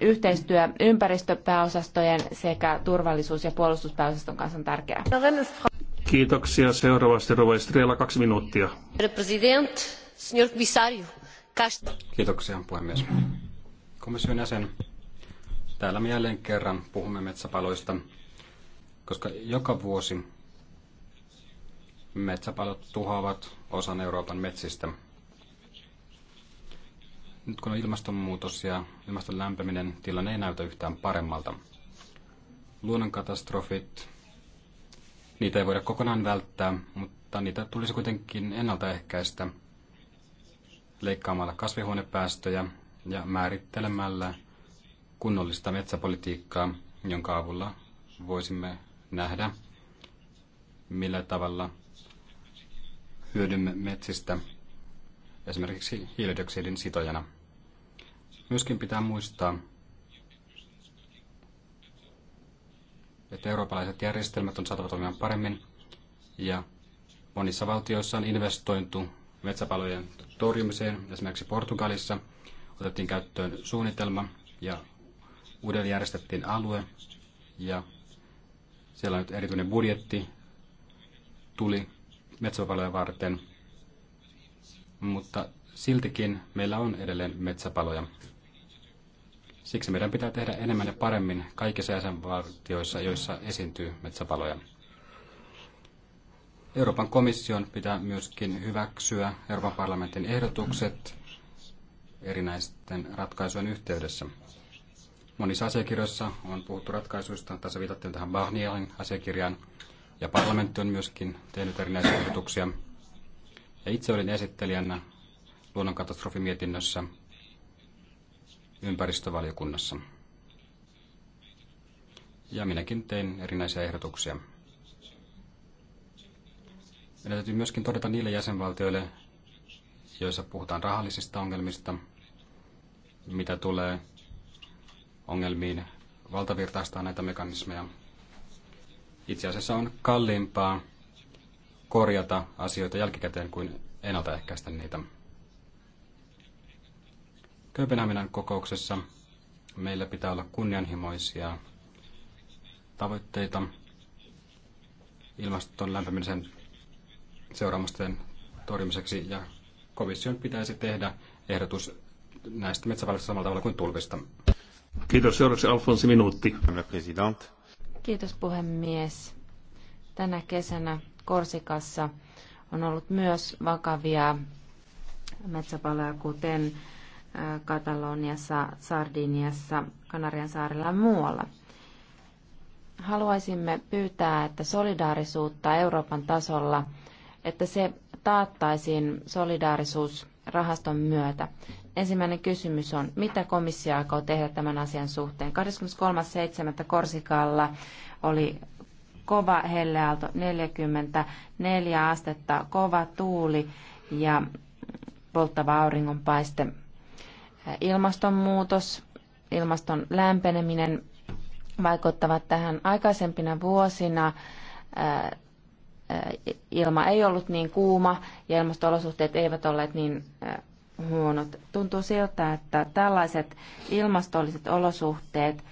yhteistyö ympäristöpääosastojen sekä turvallisuus- ja puolustuspääosaston kanssa on tärkeää. Kiitoksia. Seuraavasti Rova Estrella, kaksi minuuttia. Kiitoksia puhemies. Komission jäsen, täällä me jälleen kerran puhumme metsäpaloista, koska joka vuosi metsäpalot tuhoavat osan Euroopan metsistä – nyt kun on ilmastonmuutos ja ilmaston lämpeminen, tilanne ei näytä yhtään paremmalta. Luonnonkatastrofit, niitä ei voida kokonaan välttää, mutta niitä tulisi kuitenkin ennaltaehkäistä leikkaamalla kasvihuonepäästöjä ja määrittelemällä kunnollista metsäpolitiikkaa, jonka avulla voisimme nähdä, millä tavalla hyödymme metsistä esimerkiksi hiilidioksidin sitojana. Myöskin pitää muistaa, että eurooppalaiset järjestelmät on saatava toimimaan paremmin ja monissa valtioissa on investointu metsäpalojen torjumiseen. Esimerkiksi Portugalissa otettiin käyttöön suunnitelma ja uudelleen järjestettiin alue ja siellä on nyt erityinen budjetti tuli metsäpaloja varten, mutta siltikin meillä on edelleen metsäpaloja. Siksi meidän pitää tehdä enemmän ja paremmin kaikissa jäsenvaltioissa, joissa esiintyy metsäpaloja. Euroopan komission pitää myöskin hyväksyä Euroopan parlamentin ehdotukset erinäisten ratkaisujen yhteydessä. Monissa asiakirjoissa on puhuttu ratkaisuista, tässä viitattiin tähän Bahnielin asiakirjaan, ja parlamentti on myöskin tehnyt erinäisiä ehdotuksia. Ja itse olin esittelijänä luonnonkatastrofimietinnössä, ympäristövaliokunnassa. Ja minäkin tein erinäisiä ehdotuksia. Meidän täytyy myöskin todeta niille jäsenvaltioille, joissa puhutaan rahallisista ongelmista, mitä tulee ongelmiin valtavirtaistaa näitä mekanismeja. Itse asiassa on kalliimpaa korjata asioita jälkikäteen kuin ennaltaehkäistä niitä. Kööpenhaminan kokouksessa meillä pitää olla kunnianhimoisia tavoitteita ilmaston lämpenemisen seuraamusten torjumiseksi ja komission pitäisi tehdä ehdotus näistä metsävaroista samalla tavalla kuin tulvista. Kiitos. Seuraavaksi Alfonsi Minuutti. Kiitos puhemies. Tänä kesänä Korsikassa on ollut myös vakavia metsäpaloja, kuten Kataloniassa, Sardiniassa, Kanarian saarella ja muualla. Haluaisimme pyytää, että solidaarisuutta Euroopan tasolla, että se taattaisiin solidaarisuusrahaston myötä. Ensimmäinen kysymys on, mitä komissio aikoo tehdä tämän asian suhteen? 23.7. Korsikalla oli kova helleaalto, 44 astetta, kova tuuli ja polttava auringonpaiste. Ilmastonmuutos, ilmaston lämpeneminen vaikuttavat tähän aikaisempina vuosina. Äh, äh, ilma ei ollut niin kuuma ja ilmastolosuhteet eivät olleet niin äh, huonot. Tuntuu siltä, että tällaiset ilmastolliset olosuhteet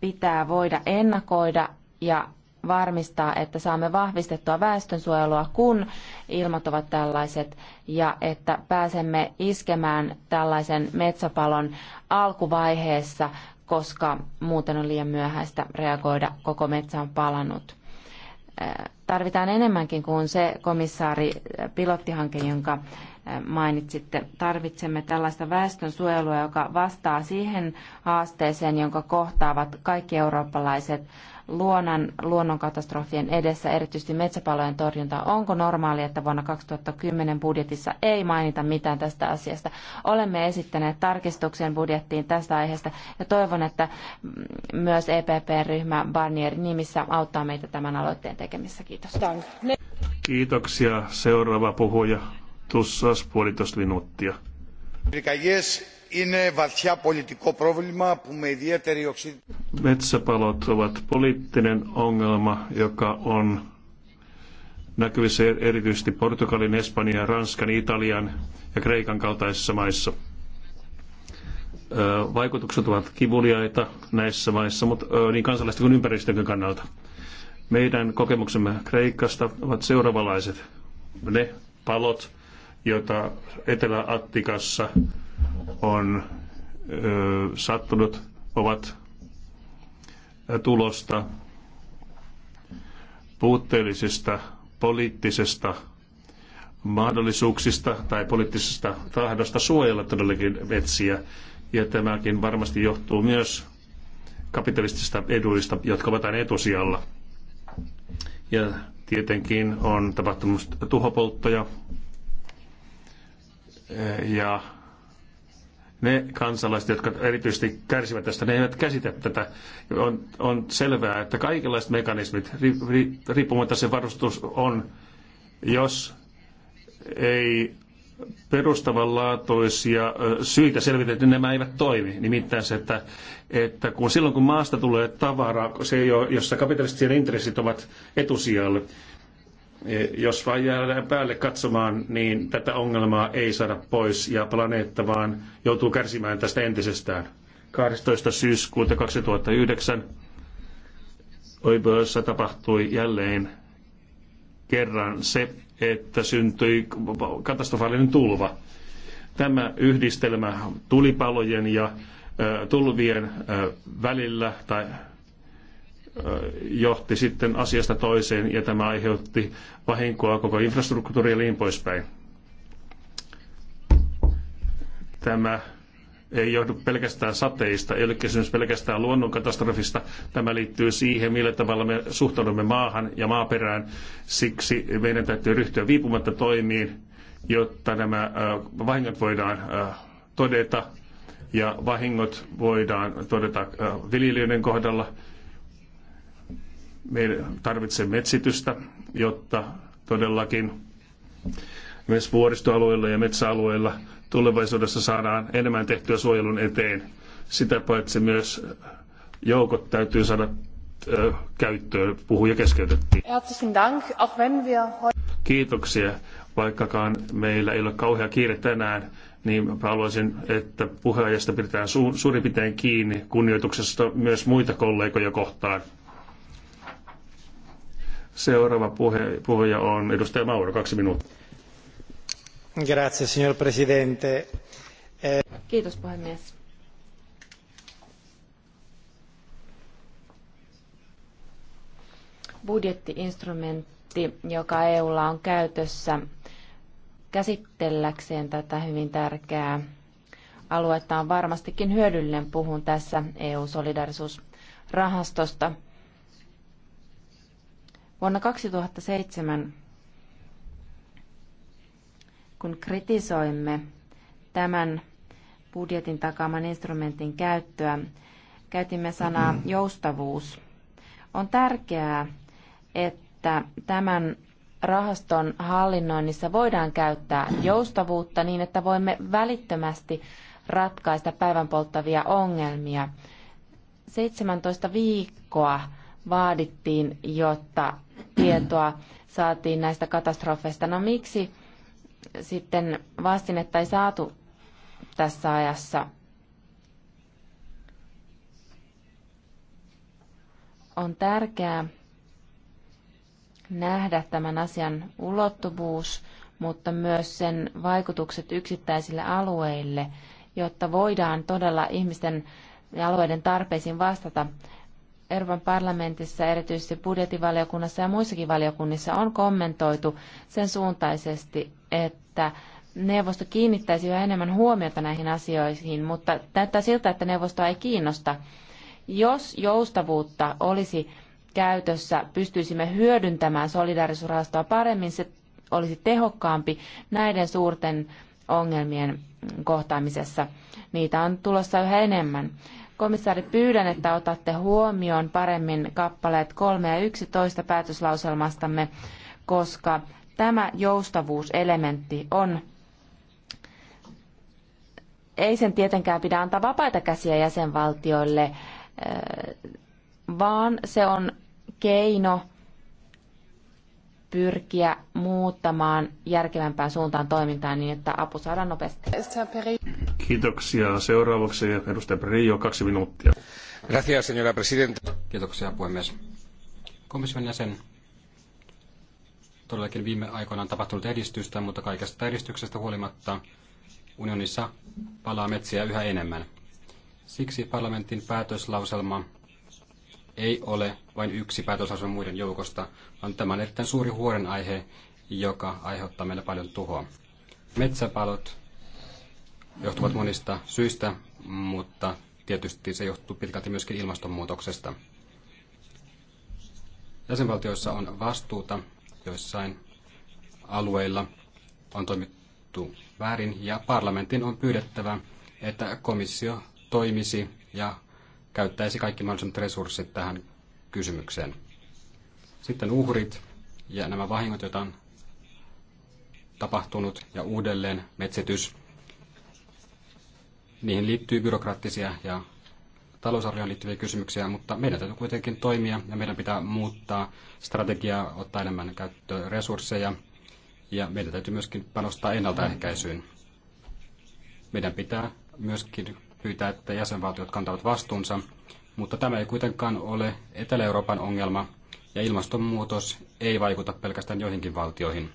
pitää voida ennakoida ja varmistaa, että saamme vahvistettua väestönsuojelua, kun ilmat ovat tällaiset, ja että pääsemme iskemään tällaisen metsäpalon alkuvaiheessa, koska muuten on liian myöhäistä reagoida, koko metsä on palanut. Äh, tarvitaan enemmänkin kuin se komissaari äh, pilottihanke, jonka äh, mainitsitte. Tarvitsemme tällaista väestönsuojelua, joka vastaa siihen haasteeseen, jonka kohtaavat kaikki eurooppalaiset luonnon, luonnonkatastrofien edessä, erityisesti metsäpalojen torjunta. Onko normaali, että vuonna 2010 budjetissa ei mainita mitään tästä asiasta? Olemme esittäneet tarkistuksen budjettiin tästä aiheesta ja toivon, että mm, myös EPP-ryhmä Barnier nimissä auttaa meitä tämän aloitteen tekemissä. Kiitos. Kiitoksia. Seuraava puhuja. Tussas puolitoista minuuttia. Yes είναι βαθιά πολιτικό πρόβλημα που με ιδιαίτερη οξύτητα. Metsäpalot ovat poliittinen ongelma, joka on näkyvissä e- erityisesti Portugalin, Espanjan, Ranskan, Italian ja Kreikan kaltaisissa maissa. Vaikutukset ovat kivuliaita näissä maissa, mutta niin kansalaisten kuin ympäristön kannalta. Meidän kokemuksemme Kreikasta ovat seuraavalaiset. Ne palot, joita Etelä-Attikassa on ö, sattunut, ovat tulosta puutteellisista poliittisesta mahdollisuuksista tai poliittisesta tahdosta suojella todellakin metsiä. Ja tämäkin varmasti johtuu myös kapitalistisista eduista, jotka ovat aina etusijalla. Ja tietenkin on tapahtunut tuhopolttoja ja ne kansalaiset, jotka erityisesti kärsivät tästä, ne eivät käsitä tätä. On, on selvää, että kaikenlaiset mekanismit, riippumatta se varustus on, jos ei perustavanlaatuisia syitä selvitetä, niin nämä eivät toimi. Nimittäin se, että, että kun silloin kun maasta tulee tavara, se, jossa kapitalistien intressit ovat etusijalle, jos vain jäädään päälle katsomaan, niin tätä ongelmaa ei saada pois ja planeetta vaan joutuu kärsimään tästä entisestään. 12. syyskuuta 2009 Oiböössä tapahtui jälleen kerran se, että syntyi katastrofaalinen tulva. Tämä yhdistelmä tulipalojen ja tulvien välillä tai johti sitten asiasta toiseen ja tämä aiheutti vahinkoa koko infrastruktuuriin ja niin poispäin. Tämä ei johdu pelkästään sateista, ei ole kysymys pelkästään luonnonkatastrofista. Tämä liittyy siihen, millä tavalla me suhtaudumme maahan ja maaperään. Siksi meidän täytyy ryhtyä viipumatta toimiin, jotta nämä vahingot voidaan todeta ja vahingot voidaan todeta viljelijöiden kohdalla me tarvitsemme metsitystä, jotta todellakin myös vuoristoalueilla ja metsäalueilla tulevaisuudessa saadaan enemmän tehtyä suojelun eteen. Sitä paitsi myös joukot täytyy saada käyttöön. Puhuja keskeytettiin. Kiitoksia. Vaikkakaan meillä ei ole kauhea kiire tänään, niin haluaisin, että puheenjohtajasta pidetään suurin piirtein kiinni kunnioituksesta myös muita kollegoja kohtaan. Seuraava puhe, puhuja on edustaja Mauro, kaksi minuuttia. Grazie, signor Presidente. Kiitos puhemies. budjettiinstrumentti, joka EUlla on käytössä käsitelläkseen tätä hyvin tärkeää aluetta, on varmastikin hyödyllinen. Puhun tässä EU-solidarisuusrahastosta. Vuonna 2007, kun kritisoimme tämän budjetin takaaman instrumentin käyttöä, käytimme sanaa mm-hmm. joustavuus. On tärkeää, että tämän rahaston hallinnoinnissa voidaan käyttää joustavuutta niin, että voimme välittömästi ratkaista päivän polttavia ongelmia. 17 viikkoa vaadittiin, jotta tietoa saatiin näistä katastrofeista. No miksi sitten vastinetta ei saatu tässä ajassa? On tärkeää nähdä tämän asian ulottuvuus, mutta myös sen vaikutukset yksittäisille alueille, jotta voidaan todella ihmisten ja alueiden tarpeisiin vastata Euroopan parlamentissa, erityisesti budjetivaliokunnassa ja muissakin valiokunnissa on kommentoitu sen suuntaisesti, että neuvosto kiinnittäisi yhä enemmän huomiota näihin asioihin, mutta näyttää siltä, että neuvosto ei kiinnosta. Jos joustavuutta olisi käytössä, pystyisimme hyödyntämään solidaarisuusrahastoa paremmin, se olisi tehokkaampi näiden suurten ongelmien kohtaamisessa. Niitä on tulossa yhä enemmän. Komissaari, pyydän, että otatte huomioon paremmin kappaleet 3 ja 11 päätöslauselmastamme, koska tämä joustavuuselementti on ei sen tietenkään pidä antaa vapaita käsiä jäsenvaltioille, eh, vaan se on keino pyrkiä muuttamaan järkevämpään suuntaan toimintaa niin, että apu saadaan nopeasti. Kiitoksia. Seuraavaksi edustaja Perillo, kaksi minuuttia. Gracias, señora presidenta. Kiitoksia, puhemies. Komission jäsen, todellakin viime aikoina on tapahtunut edistystä, mutta kaikesta edistyksestä huolimatta unionissa palaa metsiä yhä enemmän. Siksi parlamentin päätöslauselma ei ole vain yksi päätösasema muiden joukosta, vaan tämä on erittäin suuri huolenaihe, joka aiheuttaa meille paljon tuhoa. Metsäpalot johtuvat monista syistä, mutta tietysti se johtuu pitkälti myöskin ilmastonmuutoksesta. Jäsenvaltioissa on vastuuta, joissain alueilla on toimittu väärin ja parlamentin on pyydettävä, että komissio toimisi ja käyttäisi kaikki mahdolliset resurssit tähän kysymykseen. Sitten uhrit ja nämä vahingot, joita on tapahtunut ja uudelleen metsitys. Niihin liittyy byrokraattisia ja talousarvioon liittyviä kysymyksiä, mutta meidän täytyy kuitenkin toimia ja meidän pitää muuttaa strategiaa, ottaa enemmän käyttöön resursseja ja meidän täytyy myöskin panostaa ennaltaehkäisyyn. Meidän pitää myöskin pyytää, että jäsenvaltiot kantavat vastuunsa, mutta tämä ei kuitenkaan ole Etelä-Euroopan ongelma, ja ilmastonmuutos ei vaikuta pelkästään joihinkin valtioihin.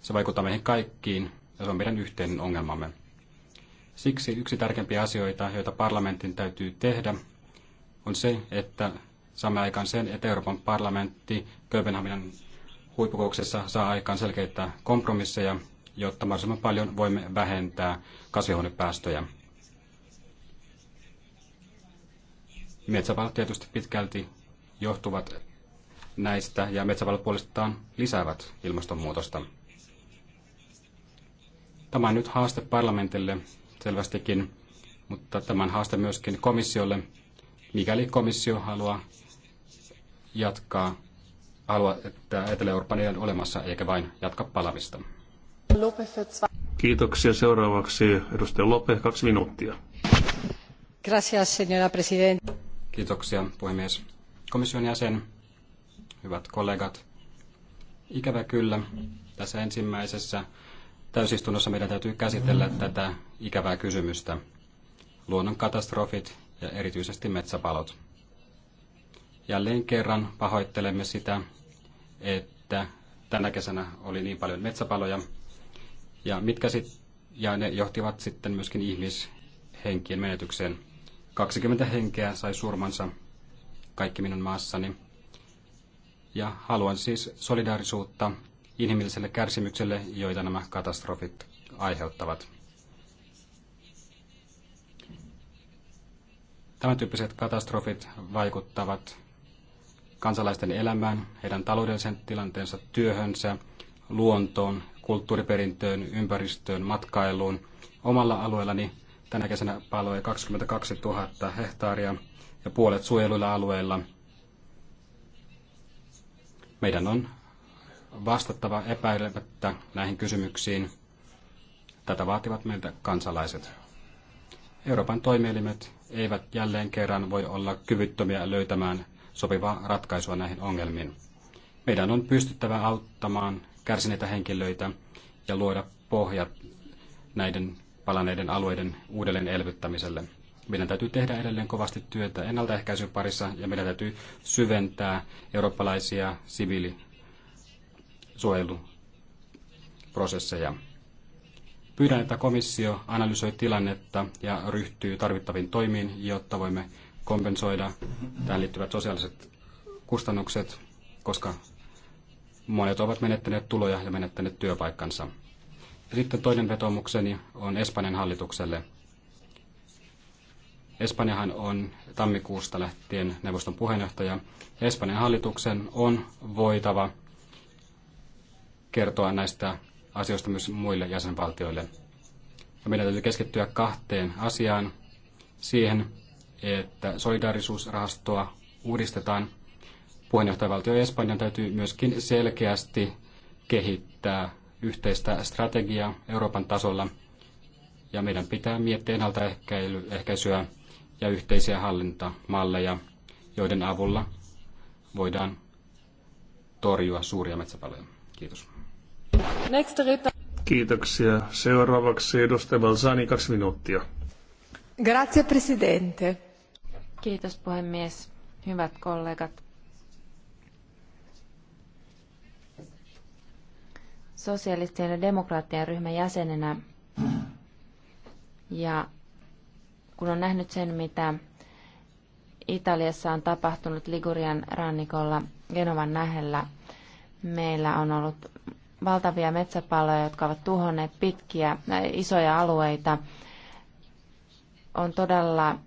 Se vaikuttaa meihin kaikkiin, ja se on meidän yhteinen ongelmamme. Siksi yksi tärkeimpiä asioita, joita parlamentin täytyy tehdä, on se, että saamme aikaan sen, että Euroopan parlamentti Kööpenhaminan huippukouksessa saa aikaan selkeitä kompromisseja, jotta mahdollisimman paljon voimme vähentää kasvihuonepäästöjä. Metsäpalot tietysti pitkälti johtuvat näistä ja metsäpalot puolestaan lisäävät ilmastonmuutosta. Tämä on nyt haaste parlamentille selvästikin, mutta tämän haaste myöskin komissiolle, mikäli komissio haluaa jatkaa, halua, että Etelä-Euroopan ei ole olemassa eikä vain jatka palamista. Kiitoksia. Seuraavaksi edustaja Lope, kaksi minuuttia. Gracias, señora presidenta. Kiitoksia, puhemies. Komission jäsen, hyvät kollegat. Ikävä kyllä, tässä ensimmäisessä täysistunnossa meidän täytyy käsitellä tätä ikävää kysymystä. Luonnon katastrofit ja erityisesti metsäpalot. Jälleen kerran pahoittelemme sitä, että tänä kesänä oli niin paljon metsäpaloja, ja, mitkä sit, ja ne johtivat sitten myöskin ihmishenkien menetykseen. 20 henkeä sai surmansa, kaikki minun maassani. Ja haluan siis solidaarisuutta inhimilliselle kärsimykselle, joita nämä katastrofit aiheuttavat. Tämän tyyppiset katastrofit vaikuttavat kansalaisten elämään, heidän taloudellisen tilanteensa, työhönsä, luontoon, kulttuuriperintöön, ympäristöön, matkailuun. Omalla alueellani Tänä kesänä paloi 22 000 hehtaaria ja puolet suojeluilla alueilla. Meidän on vastattava epäilemättä näihin kysymyksiin. Tätä vaativat meiltä kansalaiset. Euroopan toimielimet eivät jälleen kerran voi olla kyvyttömiä löytämään sopivaa ratkaisua näihin ongelmiin. Meidän on pystyttävä auttamaan kärsineitä henkilöitä ja luoda pohjat näiden palaneiden alueiden uudelleen elvyttämiselle. Meidän täytyy tehdä edelleen kovasti työtä ennaltaehkäisyn parissa ja meidän täytyy syventää eurooppalaisia siviilisuojeluprosesseja. Pyydän, että komissio analysoi tilannetta ja ryhtyy tarvittaviin toimiin, jotta voimme kompensoida tähän liittyvät sosiaaliset kustannukset, koska monet ovat menettäneet tuloja ja menettäneet työpaikkansa. Sitten toinen vetomukseni on Espanjan hallitukselle. Espanjahan on tammikuusta lähtien neuvoston puheenjohtaja. Espanjan hallituksen on voitava kertoa näistä asioista myös muille jäsenvaltioille. Ja meidän täytyy keskittyä kahteen asiaan. Siihen, että solidaarisuusrahastoa uudistetaan. Puheenjohtajavaltio Espanjan täytyy myöskin selkeästi kehittää yhteistä strategiaa Euroopan tasolla ja meidän pitää miettiä ennaltaehkäisyä ja yhteisiä hallintamalleja, joiden avulla voidaan torjua suuria metsäpaloja. Kiitos. Kiitoksia. Seuraavaksi edustaja Balzani, kaksi minuuttia. Grazie, presidente. Kiitos puhemies. Hyvät kollegat. sosialistien ja demokraattien ryhmän jäsenenä ja kun on nähnyt sen, mitä Italiassa on tapahtunut Ligurian rannikolla Genovan lähellä, meillä on ollut valtavia metsäpaloja, jotka ovat tuhonneet pitkiä, äh, isoja alueita. On todella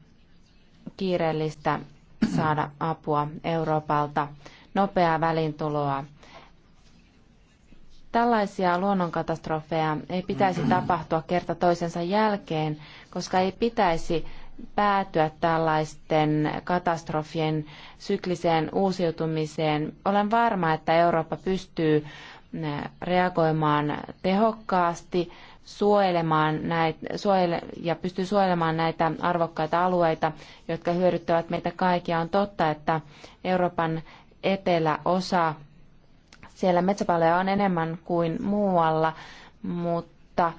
kiireellistä saada apua Euroopalta, nopeaa välintuloa Tällaisia luonnonkatastrofeja ei pitäisi tapahtua kerta toisensa jälkeen, koska ei pitäisi päätyä tällaisten katastrofien sykliseen uusiutumiseen. Olen varma, että Eurooppa pystyy eh, reagoimaan tehokkaasti suojelemaan näitä, suojele, ja pystyy suojelemaan näitä arvokkaita alueita, jotka hyödyttävät meitä kaikkia. On totta, että Euroopan eteläosa siellä metsäpaloja on enemmän kuin muualla, mutta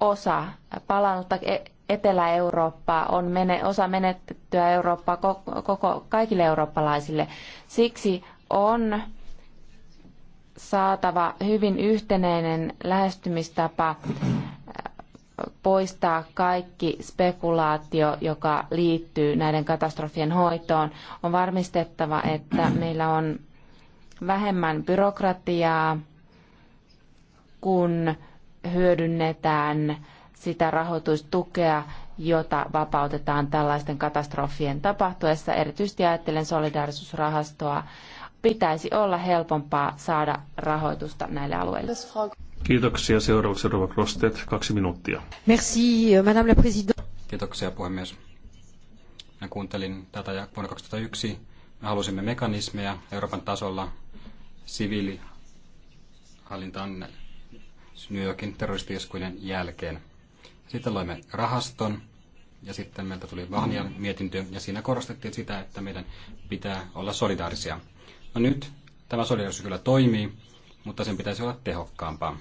osa palannutta e-, Etelä-Eurooppaa on mene, osa menetettyä Eurooppaa koko, koko, kaikille eurooppalaisille. Siksi on saatava hyvin yhtenäinen lähestymistapa äh, poistaa kaikki spekulaatio, joka liittyy näiden katastrofien hoitoon. On varmistettava, että meillä on vähemmän byrokratiaa, kun hyödynnetään sitä rahoitustukea, jota vapautetaan tällaisten katastrofien tapahtuessa. Erityisesti ajattelen solidaarisuusrahastoa. Pitäisi olla helpompaa saada rahoitusta näille alueille. Kiitoksia. Seuraavaksi Rova Krostet, kaksi minuuttia. Merci, euh, Madame la Présidente. Kiitoksia, puhemies. Mä kuuntelin tätä ja vuonna 2001 me halusimme mekanismeja Euroopan tasolla siviilihallintaan New Yorkin terroristiiskujen jälkeen. Sitten loimme rahaston ja sitten meiltä tuli Vahnian mietintö ja siinä korostettiin sitä, että meidän pitää olla solidaarisia. No nyt tämä solidaarisuus kyllä toimii, mutta sen pitäisi olla tehokkaampaa.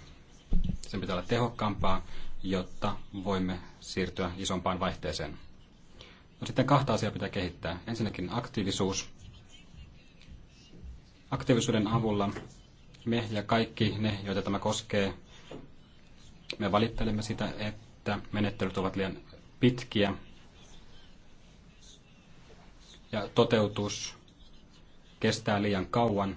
Sen pitää olla tehokkaampaa, jotta voimme siirtyä isompaan vaihteeseen. No sitten kahta asiaa pitää kehittää. Ensinnäkin aktiivisuus. Aktiivisuuden avulla me ja kaikki ne, joita tämä koskee, me valittelemme sitä, että menettelyt ovat liian pitkiä ja toteutus kestää liian kauan.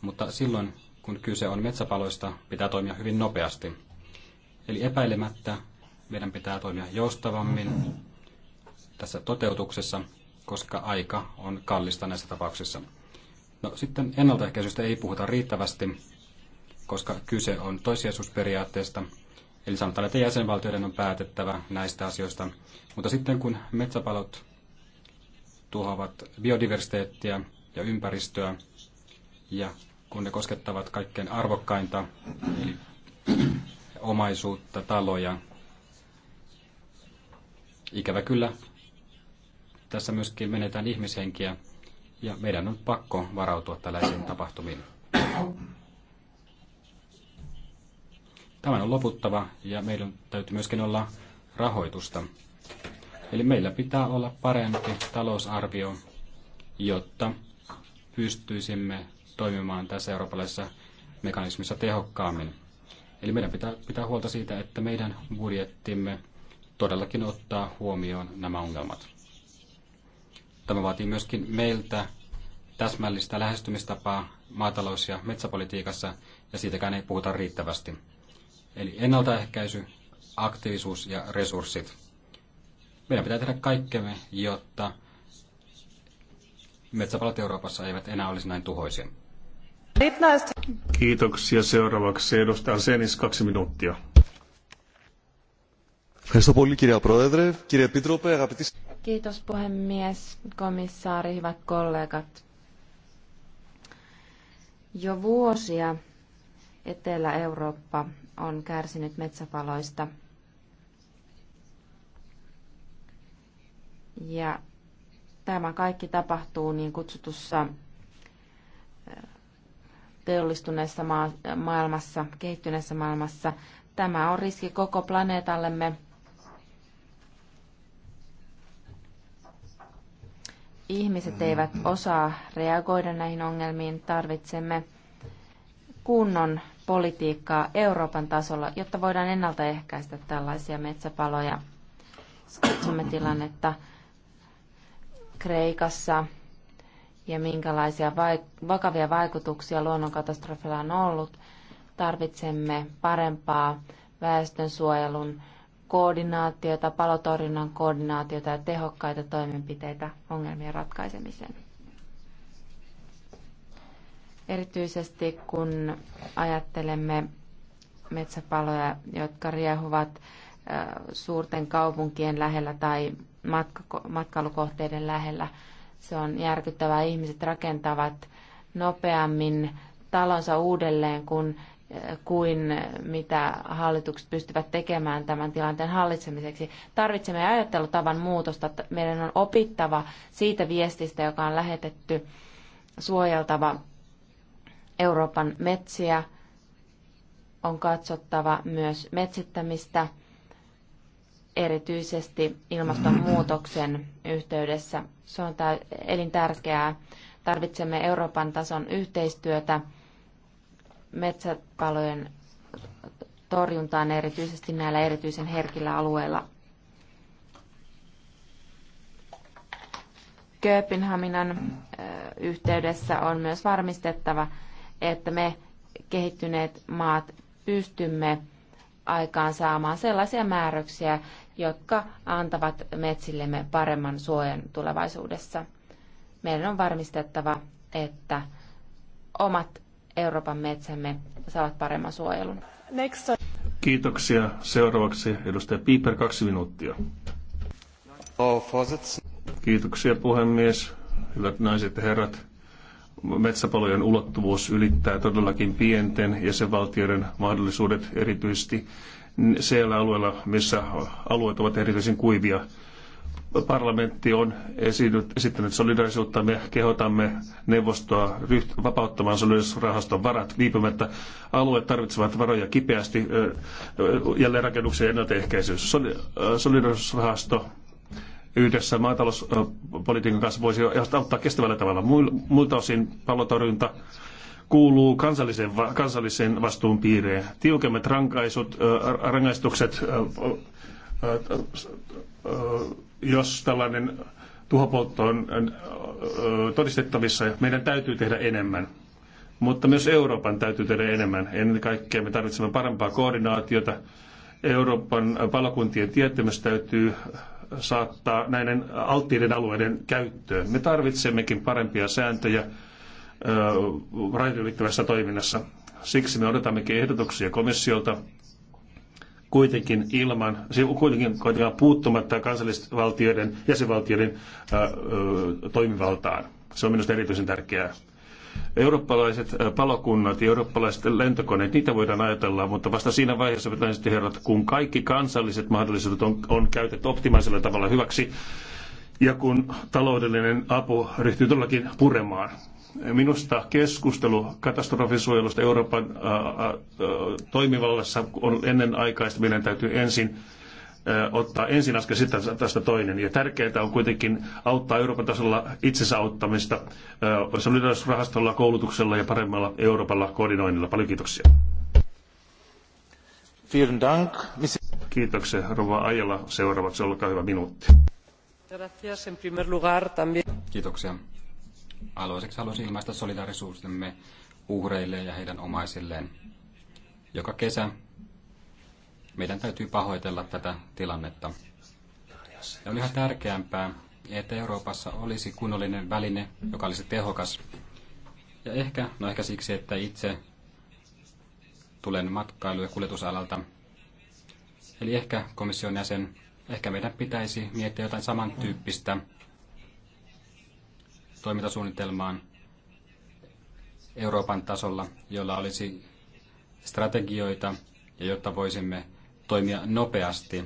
Mutta silloin, kun kyse on metsäpaloista, pitää toimia hyvin nopeasti. Eli epäilemättä meidän pitää toimia joustavammin tässä toteutuksessa koska aika on kallista näissä tapauksissa. No, sitten ennaltaehkäisystä ei puhuta riittävästi, koska kyse on toissijaisuusperiaatteesta. Eli sanotaan, että jäsenvaltioiden on päätettävä näistä asioista. Mutta sitten kun metsäpalot tuhoavat biodiversiteettiä ja ympäristöä, ja kun ne koskettavat kaikkein arvokkainta, eli omaisuutta, taloja, ikävä kyllä tässä myöskin menetään ihmishenkiä ja meidän on pakko varautua tällaisiin tapahtumiin. Tämän on loputtava ja meidän täytyy myöskin olla rahoitusta. Eli meillä pitää olla parempi talousarvio, jotta pystyisimme toimimaan tässä eurooppalaisessa mekanismissa tehokkaammin. Eli meidän pitää pitää huolta siitä, että meidän budjettimme todellakin ottaa huomioon nämä ongelmat. Tämä vaatii myöskin meiltä täsmällistä lähestymistapaa maatalous- ja metsäpolitiikassa, ja siitäkään ei puhuta riittävästi. Eli ennaltaehkäisy, aktiivisuus ja resurssit. Meidän pitää tehdä kaikkemme, jotta metsäpalat Euroopassa eivät enää olisi näin tuhoisia. Kiitoksia. Seuraavaksi edustaja Senis kaksi minuuttia. Ευχαριστώ πολύ κυρία Πρόεδρε. Κύριε Επίτροπε, αγαπητοί... Kiitos puhemies, komissaari, hyvät kollegat. Jo vuosia Etelä-Eurooppa on kärsinyt metsäpaloista. Ja tämä kaikki tapahtuu niin kutsutussa teollistuneessa maailmassa, kehittyneessä maailmassa. Tämä on riski koko planeetallemme ihmiset eivät osaa reagoida näihin ongelmiin, tarvitsemme kunnon politiikkaa Euroopan tasolla, jotta voidaan ennaltaehkäistä tällaisia metsäpaloja. Katsomme tilannetta Kreikassa ja minkälaisia vaik- vakavia vaikutuksia luonnonkatastrofilla on ollut. Tarvitsemme parempaa väestönsuojelun koordinaatiota, palotorjunnan koordinaatiota ja tehokkaita toimenpiteitä ongelmien ratkaisemiseen. Erityisesti kun ajattelemme metsäpaloja, jotka riehuvat äh, suurten kaupunkien lähellä tai matkailukohteiden lähellä, se on järkyttävää. Ihmiset rakentavat nopeammin talonsa uudelleen, kun kuin mitä hallitukset pystyvät tekemään tämän tilanteen hallitsemiseksi. Tarvitsemme ajattelutavan muutosta. Meidän on opittava siitä viestistä, joka on lähetetty suojeltava Euroopan metsiä. On katsottava myös metsittämistä erityisesti ilmastonmuutoksen yhteydessä. Se on elintärkeää. Tarvitsemme Euroopan tason yhteistyötä metsäpalojen torjuntaan erityisesti näillä erityisen herkillä alueilla. Kööpenhaminan yhteydessä on myös varmistettava, että me kehittyneet maat pystymme aikaan saamaan sellaisia määräyksiä, jotka antavat metsillemme paremman suojan tulevaisuudessa. Meidän on varmistettava, että omat Euroopan metsämme saavat paremman suojelun. Next. Kiitoksia. Seuraavaksi edustaja Piper, kaksi minuuttia. Kiitoksia puhemies. Hyvät naiset ja herrat. Metsäpalojen ulottuvuus ylittää todellakin pienten jäsenvaltioiden mahdollisuudet erityisesti siellä alueella, missä alueet ovat erityisen kuivia parlamentti on esittänyt solidaarisuutta. Me kehotamme neuvostoa ryht- vapauttamaan solidaarisuusrahaston varat viipymättä. Alueet tarvitsevat varoja kipeästi jälleenrakennuksen ennaltaehkäisyys. Solidaarisuusrahasto yhdessä maatalouspolitiikan kanssa voisi auttaa kestävällä tavalla. Muilta osin pallotorjunta kuuluu kansallisen, kansallisen vastuun piireen. Tiukemmat rankaisut, rangaistukset, jos tällainen tuhopoltto on todistettavissa, meidän täytyy tehdä enemmän. Mutta myös Euroopan täytyy tehdä enemmän. Ennen kaikkea me tarvitsemme parempaa koordinaatiota. Euroopan palokuntien tietämys täytyy saattaa näiden alttiiden alueiden käyttöön. Me tarvitsemmekin parempia sääntöjä rajoittavassa toiminnassa. Siksi me odotammekin ehdotuksia komissiolta kuitenkin ilman, kuitenkin kuitenkin puuttumatta kansallisvaltioiden, jäsenvaltioiden ää, toimivaltaan. Se on minusta erityisen tärkeää. Eurooppalaiset palokunnat ja eurooppalaiset lentokoneet, niitä voidaan ajatella, mutta vasta siinä vaiheessa, herrat, kun kaikki kansalliset mahdollisuudet on, on käytetty optimaisella tavalla hyväksi ja kun taloudellinen apu ryhtyy todellakin puremaan. Minusta keskustelu katastrofisuojelusta Euroopan toimivallassa on ennen aikaista. Meidän täytyy ensin ottaa ensin askel sitten tästä toinen. Ja tärkeää on kuitenkin auttaa Euroopan tasolla itsensä auttamista solidarisuusrahastolla, koulutuksella ja paremmalla Euroopalla koordinoinnilla. Paljon kiitoksia. Vielen Dank. Kiitoksia, Rova Ajala. Seuraavaksi olkaa hyvä minuutti. Kiitoksia. Aloiseksi haluaisin ilmaista solidaarisuutemme uhreille ja heidän omaisilleen. Joka kesä meidän täytyy pahoitella tätä tilannetta. Ja on ihan tärkeämpää, että Euroopassa olisi kunnollinen väline, joka olisi tehokas. Ja ehkä, no ehkä siksi, että itse tulen matkailu- ja kuljetusalalta. Eli ehkä komission jäsen, ehkä meidän pitäisi miettiä jotain samantyyppistä, toimintasuunnitelmaan Euroopan tasolla, jolla olisi strategioita ja jotta voisimme toimia nopeasti,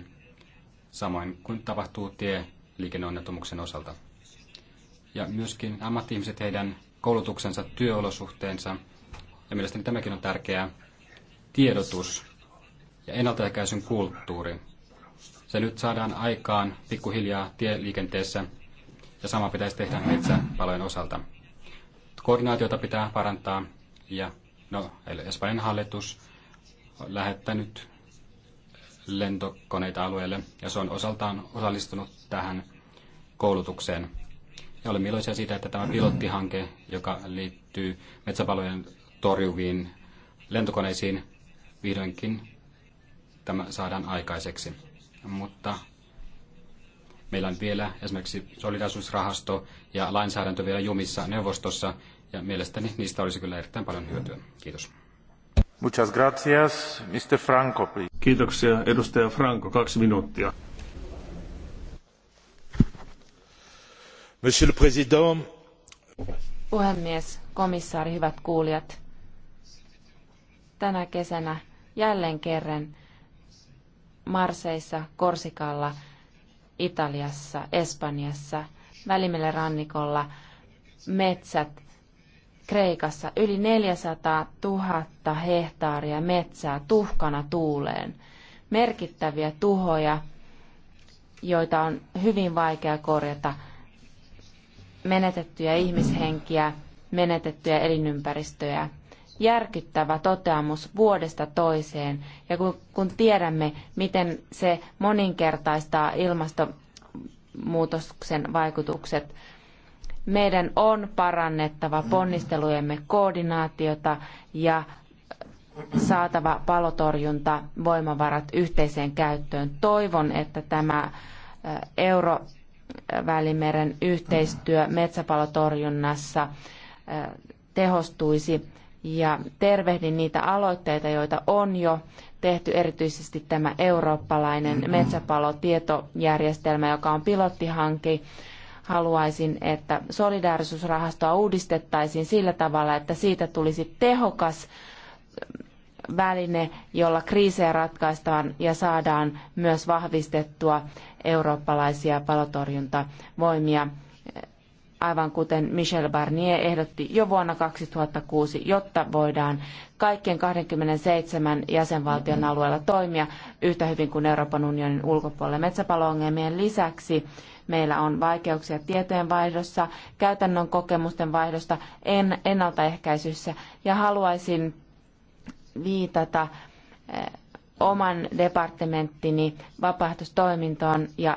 samoin kuin tapahtuu tie liikenneonnettomuuksien osalta. Ja myöskin ammatti-ihmiset, heidän koulutuksensa, työolosuhteensa, ja mielestäni tämäkin on tärkeää, tiedotus ja ennaltaehkäisyn kulttuuri. Se nyt saadaan aikaan pikkuhiljaa tieliikenteessä, ja sama pitäisi tehdä metsäpalojen osalta. Koordinaatiota pitää parantaa ja no, Espanjan hallitus on lähettänyt lentokoneita alueelle ja se on osaltaan osallistunut tähän koulutukseen. Ja olen iloisia siitä, että tämä pilottihanke, joka liittyy metsäpalojen torjuviin lentokoneisiin, vihdoinkin tämä saadaan aikaiseksi. Mutta Meillä on vielä esimerkiksi solidaisuusrahasto ja lainsäädäntö vielä jumissa neuvostossa, ja mielestäni niistä olisi kyllä erittäin paljon hyötyä. Kiitos. Muchas gracias, Mr. Franco, Kiitoksia, edustaja Franco, kaksi minuuttia. Monsieur le Président. Puhemies, komissaari, hyvät kuulijat. Tänä kesänä jälleen kerran Marseissa, Korsikalla – Italiassa, Espanjassa, Välimeren rannikolla, metsät Kreikassa yli 400 000 hehtaaria metsää tuhkana tuuleen. Merkittäviä tuhoja, joita on hyvin vaikea korjata. Menetettyjä ihmishenkiä, menetettyjä elinympäristöjä järkyttävä toteamus vuodesta toiseen. Ja kun, kun tiedämme, miten se moninkertaistaa ilmastonmuutoksen vaikutukset, meidän on parannettava ponnistelujemme koordinaatiota ja saatava palotorjunta voimavarat yhteiseen käyttöön. Toivon, että tämä Eurovälimeren yhteistyö metsäpalotorjunnassa tehostuisi ja tervehdin niitä aloitteita, joita on jo tehty, erityisesti tämä eurooppalainen mm-hmm. metsäpalotietojärjestelmä, joka on pilottihanke. Haluaisin, että solidaarisuusrahastoa uudistettaisiin sillä tavalla, että siitä tulisi tehokas väline, jolla kriisejä ratkaistaan ja saadaan myös vahvistettua eurooppalaisia palotorjuntavoimia aivan kuten Michel Barnier ehdotti jo vuonna 2006, jotta voidaan kaikkien 27 jäsenvaltion alueella toimia yhtä hyvin kuin Euroopan unionin ulkopuolella. Metsäpaloongelmien lisäksi meillä on vaikeuksia tietojenvaihdossa, käytännön kokemusten vaihdosta, en, ennaltaehkäisyssä ja haluaisin viitata eh, oman departementtini vapaaehtoistoimintoon ja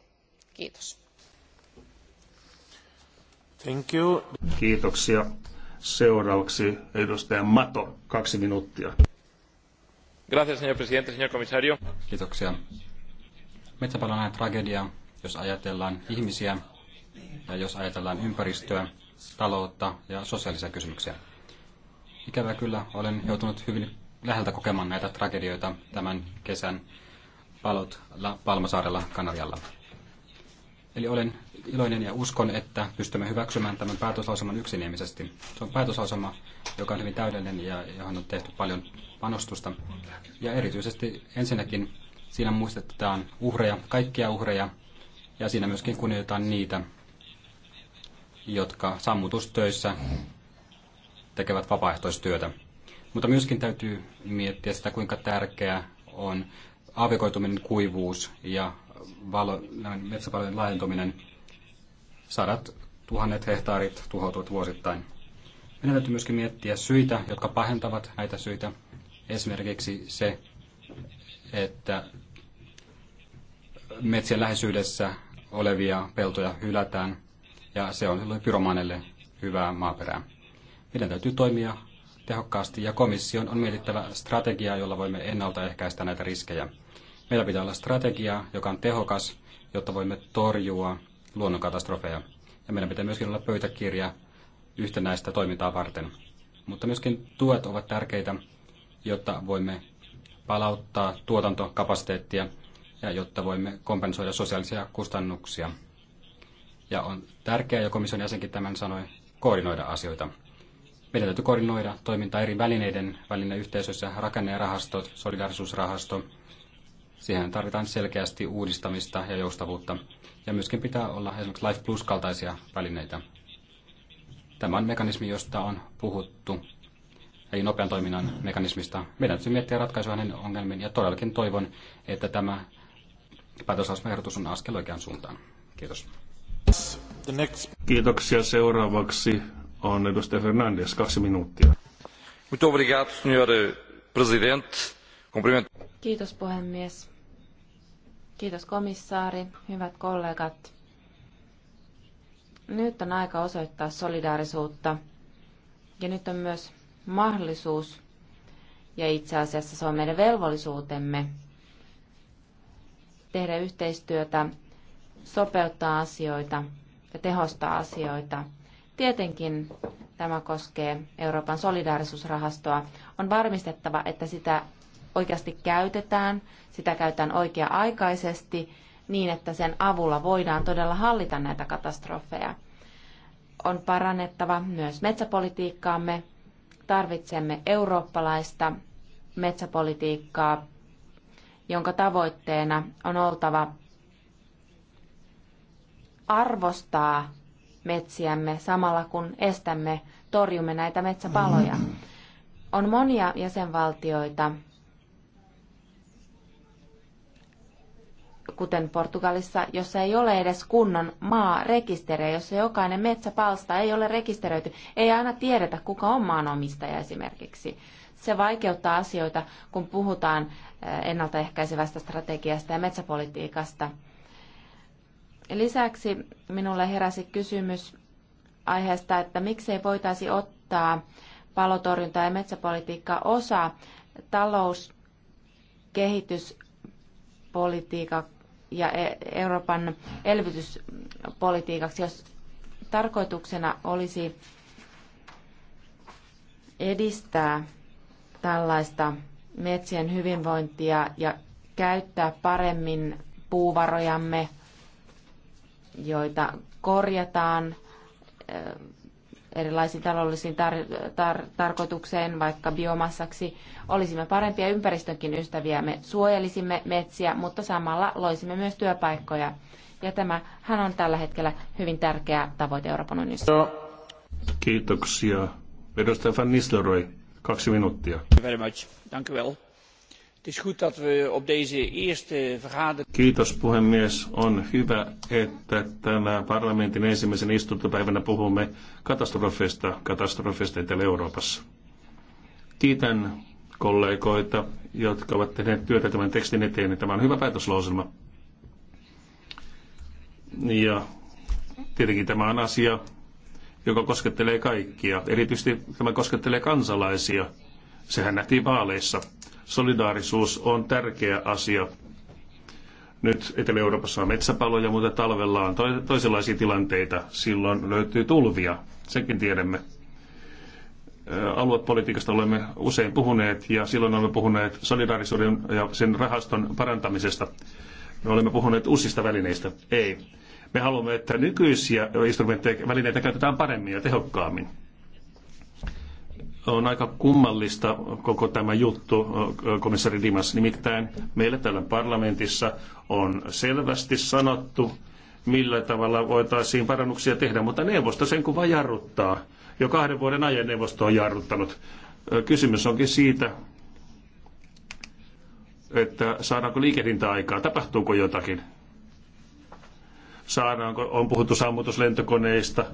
Kiitos. Thank you. Kiitoksia. Seuraavaksi edustaja Mato, kaksi minuuttia. Gracias, señor presidente, señor comisario. Kiitoksia. Metsäpalo on tragedia, jos ajatellaan ihmisiä ja jos ajatellaan ympäristöä, taloutta ja sosiaalisia kysymyksiä. Ikävä kyllä olen joutunut hyvin läheltä kokemaan näitä tragedioita tämän kesän palot Palmasaarella Kanarialla. Eli olen iloinen ja uskon, että pystymme hyväksymään tämän päätöslauselman yksinimisesti. Se on päätöslauselma, joka on hyvin täydellinen ja johon on tehty paljon panostusta. Ja erityisesti ensinnäkin siinä muistetaan uhreja, kaikkia uhreja, ja siinä myöskin kunnioitetaan niitä, jotka sammutustöissä tekevät vapaaehtoistyötä. Mutta myöskin täytyy miettiä sitä, kuinka tärkeää on aavikoituminen, kuivuus ja valo, metsäpalojen laajentuminen. Sadat tuhannet hehtaarit tuhoutuvat vuosittain. Meidän täytyy myöskin miettiä syitä, jotka pahentavat näitä syitä. Esimerkiksi se, että metsien läheisyydessä olevia peltoja hylätään, ja se on silloin pyromaaneille hyvää maaperää. Meidän täytyy toimia tehokkaasti, ja komission on mietittävä strategiaa, jolla voimme ennaltaehkäistä näitä riskejä. Meillä pitää olla strategia, joka on tehokas, jotta voimme torjua luonnonkatastrofeja. Ja meidän pitää myöskin olla pöytäkirja yhtenäistä toimintaa varten. Mutta myöskin tuet ovat tärkeitä, jotta voimme palauttaa tuotantokapasiteettia ja jotta voimme kompensoida sosiaalisia kustannuksia. Ja on tärkeää, ja komission jäsenkin tämän sanoi, koordinoida asioita. Meidän täytyy koordinoida toimintaa eri välineiden välineyhteisöissä, yhteisössä, rakenne- ja rahastot, solidarisuusrahasto, Siihen tarvitaan selkeästi uudistamista ja joustavuutta. Ja myöskin pitää olla esimerkiksi Life Plus-kaltaisia välineitä. Tämä on mekanismi, josta on puhuttu, eli nopean toiminnan mekanismista. Meidän täytyy miettiä ratkaisuja hänen ongelmiin, ja todellakin toivon, että tämä päätöslausmehdotus on askel oikeaan suuntaan. Kiitos. Kiitoksia. Seuraavaksi on edustaja Fernandes, kaksi minuuttia. Muito obrigado, senhor presidente. Kiitos puhemies. Kiitos komissaari, hyvät kollegat. Nyt on aika osoittaa solidaarisuutta ja nyt on myös mahdollisuus ja itse asiassa se on meidän velvollisuutemme tehdä yhteistyötä, sopeuttaa asioita ja tehostaa asioita. Tietenkin tämä koskee Euroopan solidaarisuusrahastoa. On varmistettava, että sitä oikeasti käytetään, sitä käytetään oikea-aikaisesti niin, että sen avulla voidaan todella hallita näitä katastrofeja. On parannettava myös metsäpolitiikkaamme. Tarvitsemme eurooppalaista metsäpolitiikkaa, jonka tavoitteena on oltava arvostaa metsiämme samalla kun estämme, torjumme näitä metsäpaloja. On monia jäsenvaltioita, kuten Portugalissa, jossa ei ole edes kunnon rekisteriä, jossa jokainen metsäpalsta ei ole rekisteröity, ei aina tiedetä, kuka on maanomistaja esimerkiksi. Se vaikeuttaa asioita, kun puhutaan eh, ennaltaehkäisevästä strategiasta ja metsäpolitiikasta. Lisäksi minulle heräsi kysymys aiheesta, että miksei voitaisi ottaa palotorjunta ja metsäpolitiikka osa talouskehityspolitiikaksi ja e- Euroopan elvytyspolitiikaksi, jos tarkoituksena olisi edistää tällaista metsien hyvinvointia ja käyttää paremmin puuvarojamme, joita korjataan eh, erilaisiin taloudellisiin tar- tar- tarkoitukseen, vaikka biomassaksi, Olisimme parempia ympäristönkin ystäviä, me suojelisimme metsiä, mutta samalla loisimme myös työpaikkoja. Ja tämähän on tällä hetkellä hyvin tärkeä tavoite Euroopan unionissa. Kiitoksia. Edustaja Van Nistelrooy, kaksi minuuttia. Very much. Kiitos puhemies. On hyvä, että tänä parlamentin ensimmäisen istuntopäivänä puhumme katastrofeista, katastrofeista Etelä-Euroopassa. Kiitän kollegoita, jotka ovat tehneet työtä tämän tekstin eteen. Niin tämä on hyvä päätöslauselma. Ja tietenkin tämä on asia, joka koskettelee kaikkia. Erityisesti tämä koskettelee kansalaisia. Sehän nähtiin vaaleissa. Solidaarisuus on tärkeä asia. Nyt Etelä-Euroopassa on metsäpaloja, mutta talvella on toisenlaisia tilanteita. Silloin löytyy tulvia, senkin tiedämme aluepolitiikasta olemme usein puhuneet ja silloin olemme puhuneet solidaarisuuden ja sen rahaston parantamisesta. Me olemme puhuneet uusista välineistä. Ei. Me haluamme, että nykyisiä instrumentteja välineitä käytetään paremmin ja tehokkaammin. On aika kummallista koko tämä juttu, komissari Dimas. Nimittäin meillä täällä parlamentissa on selvästi sanottu, millä tavalla voitaisiin parannuksia tehdä, mutta neuvosto sen kuva jarruttaa. Jo kahden vuoden ajan neuvosto on jarruttanut. Kysymys onkin siitä, että saadaanko liikehdintä aikaa, tapahtuuko jotakin. Saadaanko, on puhuttu sammutuslentokoneista,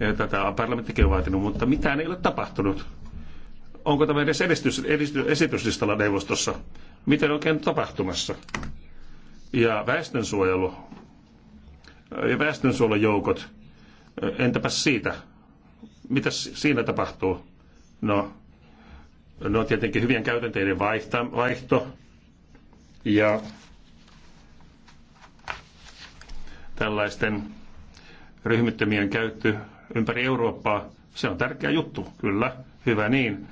ja tätä on parlamenttikin vaatinut, mutta mitään ei ole tapahtunut. Onko tämä edes edistys, edistys, esityslistalla neuvostossa? Miten oikein tapahtumassa? Ja väestönsuojelu ja väestönsuojelujoukot, Entäpä siitä? mitä siinä tapahtuu? No, no tietenkin hyvien käytänteiden vaihto, vaihto ja tällaisten ryhmittömien käyttö ympäri Eurooppaa, se on tärkeä juttu, kyllä, hyvä niin.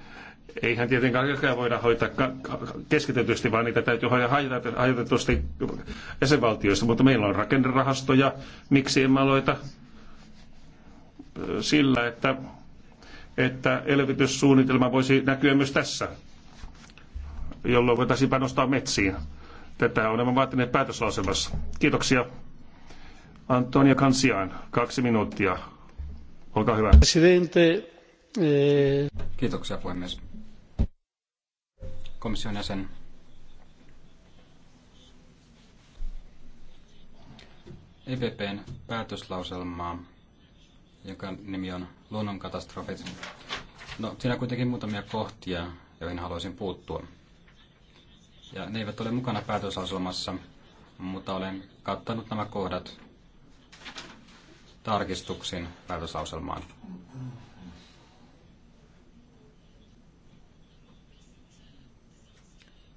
Eihän tietenkään kaikkea voida hoitaa keskitetysti, vaan niitä täytyy hoitaa hajotetusti jäsenvaltioissa, mutta meillä on rakennerahastoja, miksi emme aloita sillä, että, että elvytyssuunnitelma voisi näkyä myös tässä, jolloin voitaisiin panostaa metsiin. Tätä olemme vaatineet päätöslausemassa. Kiitoksia. Antonia Kansiaan, kaksi minuuttia. Olkaa hyvä. Presidente. Eh, Kiitoksia puhemies. Komission jäsen. EPPn päätöslauselmaa jonka nimi on Luonnonkatastrofit. No, siinä on kuitenkin muutamia kohtia, joihin haluaisin puuttua. Ja ne eivät ole mukana päätösasumassa, mutta olen kattanut nämä kohdat tarkistuksin päätösauselmaan.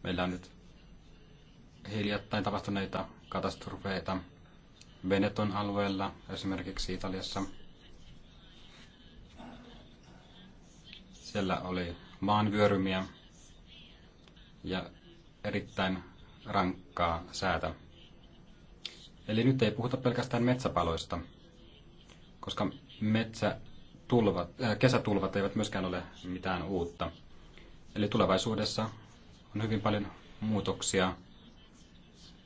Meillä on nyt hiljattain tapahtuneita katastrofeita Veneton alueella, esimerkiksi Italiassa – Siellä oli maanvyörymiä ja erittäin rankkaa säätä. Eli nyt ei puhuta pelkästään metsäpaloista, koska metsätulvat, äh, kesätulvat eivät myöskään ole mitään uutta. Eli tulevaisuudessa on hyvin paljon muutoksia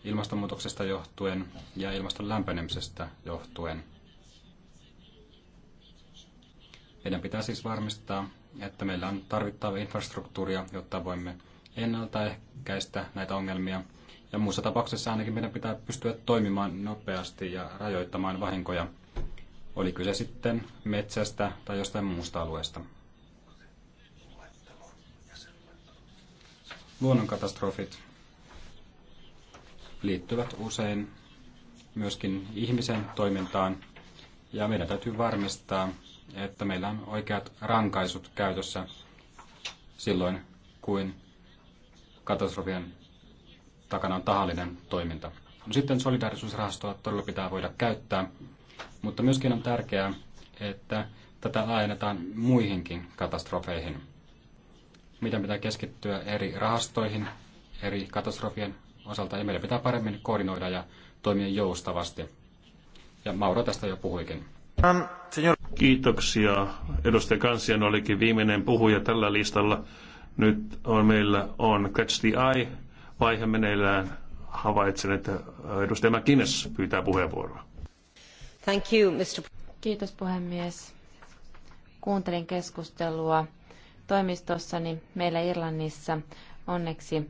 ilmastonmuutoksesta johtuen ja ilmaston lämpenemisestä johtuen. Meidän pitää siis varmistaa, että meillä on tarvittava infrastruktuuria, jotta voimme ennaltaehkäistä näitä ongelmia. Ja muussa tapauksessa ainakin meidän pitää pystyä toimimaan nopeasti ja rajoittamaan vahinkoja, oli kyse sitten metsästä tai jostain muusta alueesta. Luonnonkatastrofit liittyvät usein myöskin ihmisen toimintaan ja meidän täytyy varmistaa, että meillä on oikeat rankaisut käytössä silloin, kuin katastrofien takana on tahallinen toiminta. No sitten solidaarisuusrahastoa todella pitää voida käyttää, mutta myöskin on tärkeää, että tätä laajennetaan muihinkin katastrofeihin. Meidän pitää keskittyä eri rahastoihin, eri katastrofien osalta, ja meidän pitää paremmin koordinoida ja toimia joustavasti. Ja Mauro tästä jo puhuikin. Kiitoksia. Edustaja Kansian olikin viimeinen puhuja tällä listalla. Nyt on, meillä on Catch the Eye-vaihe meneillään. Havaitsen, että edustaja McInnes pyytää puheenvuoroa. Thank you, Mr. Kiitos puhemies. Kuuntelin keskustelua toimistossani meillä Irlannissa. Onneksi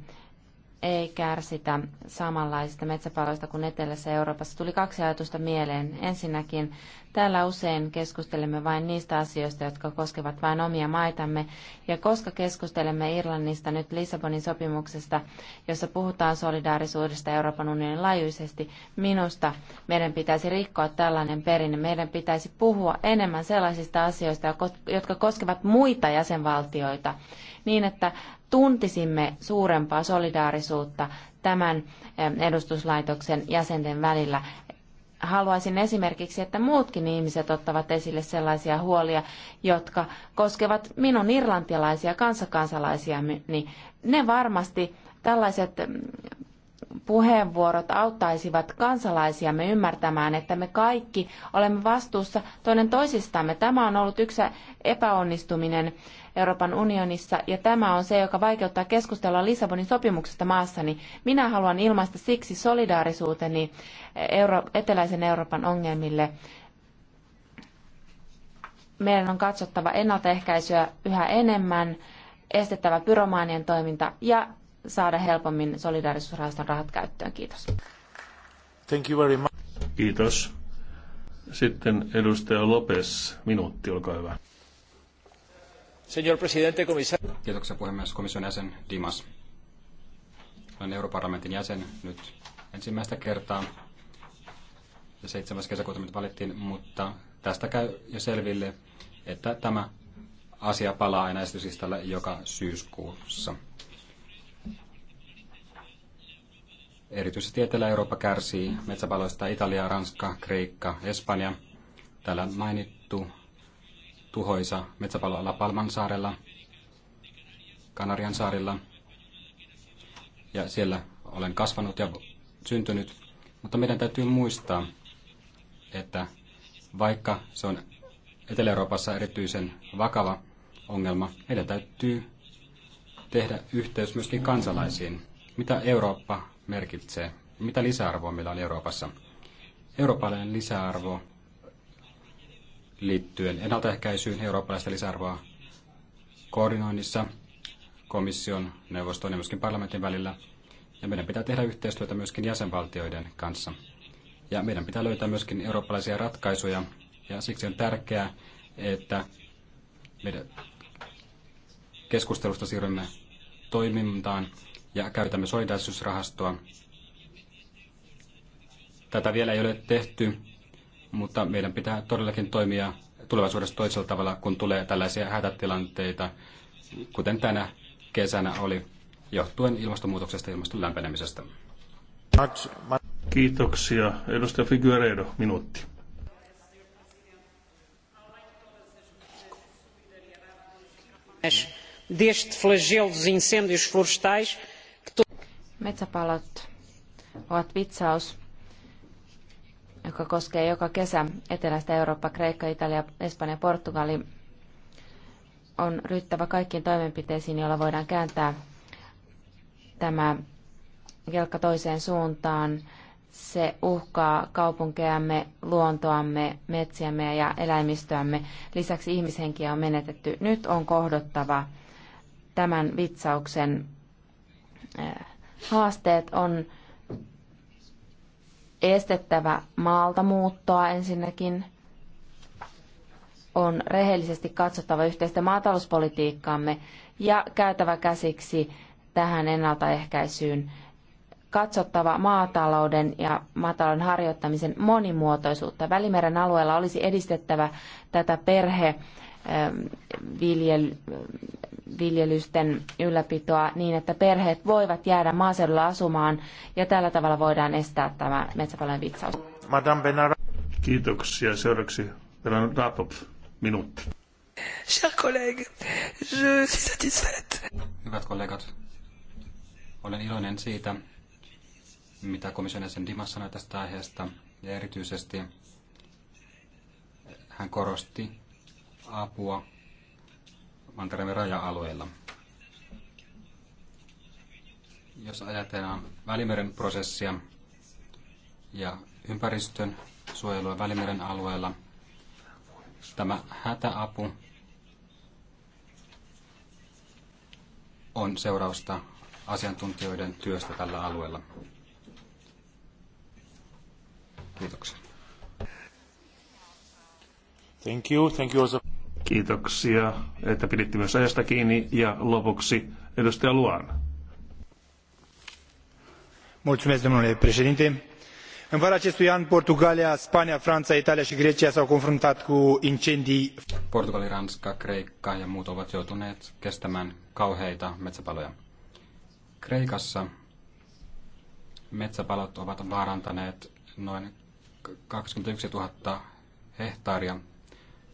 ei kärsitä samanlaisista metsäpaloista kuin etelässä Euroopassa. Tuli kaksi ajatusta mieleen. Ensinnäkin täällä usein keskustelemme vain niistä asioista, jotka koskevat vain omia maitamme. Ja koska keskustelemme Irlannista nyt Lissabonin sopimuksesta, jossa puhutaan solidaarisuudesta Euroopan unionin laajuisesti, minusta meidän pitäisi rikkoa tällainen perinne. Meidän pitäisi puhua enemmän sellaisista asioista, jotka koskevat muita jäsenvaltioita niin, että tuntisimme suurempaa solidaarisuutta tämän edustuslaitoksen jäsenten välillä. Haluaisin esimerkiksi, että muutkin ihmiset ottavat esille sellaisia huolia, jotka koskevat minun irlantilaisia kansakansalaisia, niin ne varmasti tällaiset puheenvuorot auttaisivat kansalaisiamme ymmärtämään, että me kaikki olemme vastuussa toinen toisistamme. Tämä on ollut yksi epäonnistuminen Euroopan unionissa, ja tämä on se, joka vaikeuttaa keskustelua Lissabonin sopimuksesta maassani. Minä haluan ilmaista siksi solidaarisuuteni Euro- eteläisen Euroopan ongelmille. Meidän on katsottava ennaltaehkäisyä yhä enemmän, estettävä pyromaanien toiminta ja saada helpommin solidaarisuusrahaston rahat käyttöön. Kiitos. Thank you very much. Kiitos. Sitten edustaja Lopes, minuutti, olkaa hyvä. Señor presidente, komissaari. Kiitoksia puhemies, komission jäsen Dimas. Olen europarlamentin jäsen nyt ensimmäistä kertaa. Ja 7. kesäkuuta minut valittiin, mutta tästä käy jo selville, että tämä asia palaa aina esityslistalle joka syyskuussa. Erityisesti Etelä-Eurooppa kärsii metsäpaloista Italia, Ranska, Kreikka, Espanja. Täällä mainittu tuhoisa metsäpaloala Palman saarella, Kanarian saarilla. Ja siellä olen kasvanut ja syntynyt. Mutta meidän täytyy muistaa, että vaikka se on Etelä-Euroopassa erityisen vakava ongelma, meidän täytyy tehdä yhteys myöskin kansalaisiin. Mitä Eurooppa merkitsee? Mitä lisäarvoa meillä on Euroopassa? Eurooppalainen lisäarvo liittyen ennaltaehkäisyyn eurooppalaista lisäarvoa koordinoinnissa komission, neuvoston ja myöskin parlamentin välillä. Ja meidän pitää tehdä yhteistyötä myöskin jäsenvaltioiden kanssa. Ja meidän pitää löytää myöskin eurooppalaisia ratkaisuja. Ja siksi on tärkeää, että meidän keskustelusta siirrymme toimintaan ja käytämme solidaarisuusrahastoa. Tätä vielä ei ole tehty mutta meidän pitää todellakin toimia tulevaisuudessa toisella tavalla, kun tulee tällaisia hätätilanteita, kuten tänä kesänä oli, johtuen ilmastonmuutoksesta ja ilmaston lämpenemisestä. Kiitoksia. Edustaja Figueredo, minuutti. incêndios florestais. Metsäpalot ovat vitsaus joka koskee joka kesä Etelästä Eurooppa, Kreikka, Italia, Espanja, Portugali, on ryhtävä kaikkiin toimenpiteisiin, joilla voidaan kääntää tämä kelkka toiseen suuntaan. Se uhkaa kaupunkeamme, luontoamme, metsiämme ja eläimistöämme. Lisäksi ihmishenkiä on menetetty. Nyt on kohdottava tämän vitsauksen eh, haasteet. On estettävä maalta muuttoa ensinnäkin. On rehellisesti katsottava yhteistä maatalouspolitiikkaamme ja käytävä käsiksi tähän ennaltaehkäisyyn katsottava maatalouden ja maatalouden harjoittamisen monimuotoisuutta. Välimeren alueella olisi edistettävä tätä perhe- Ähm, viljely, viljelysten ylläpitoa niin, että perheet voivat jäädä maaseudulla asumaan ja tällä tavalla voidaan estää tämä metsäpalojen vitsaus. Madame Benara. Kiitoksia. Seuraavaksi Benan Rapop, minuutti. Cher collègue, je suis satisfait. Hyvät kollegat, olen iloinen siitä, mitä komission jäsen Dimas sanoi tästä aiheesta, ja erityisesti hän korosti apua Mantereemme raja alueella Jos ajatellaan Välimeren prosessia ja ympäristön suojelua Välimeren alueella, tämä hätäapu on seurausta asiantuntijoiden työstä tällä alueella. Kiitoksia. Thank you. Thank you also. Kiitoksia, että piditte myös ajasta kiinni. Ja lopuksi edustaja Luan. Mulțumesc, domnule președinte. În vara acestui an, Portugalia, Spania, Franța, Italia și Grecia s-au confruntat cu incendii. Portugali, Ranska, Kreikka ja muut ovat joutuneet kestämään kauheita metsäpaloja. Kreikassa metsäpalot ovat vaarantaneet noin 21 000 hehtaaria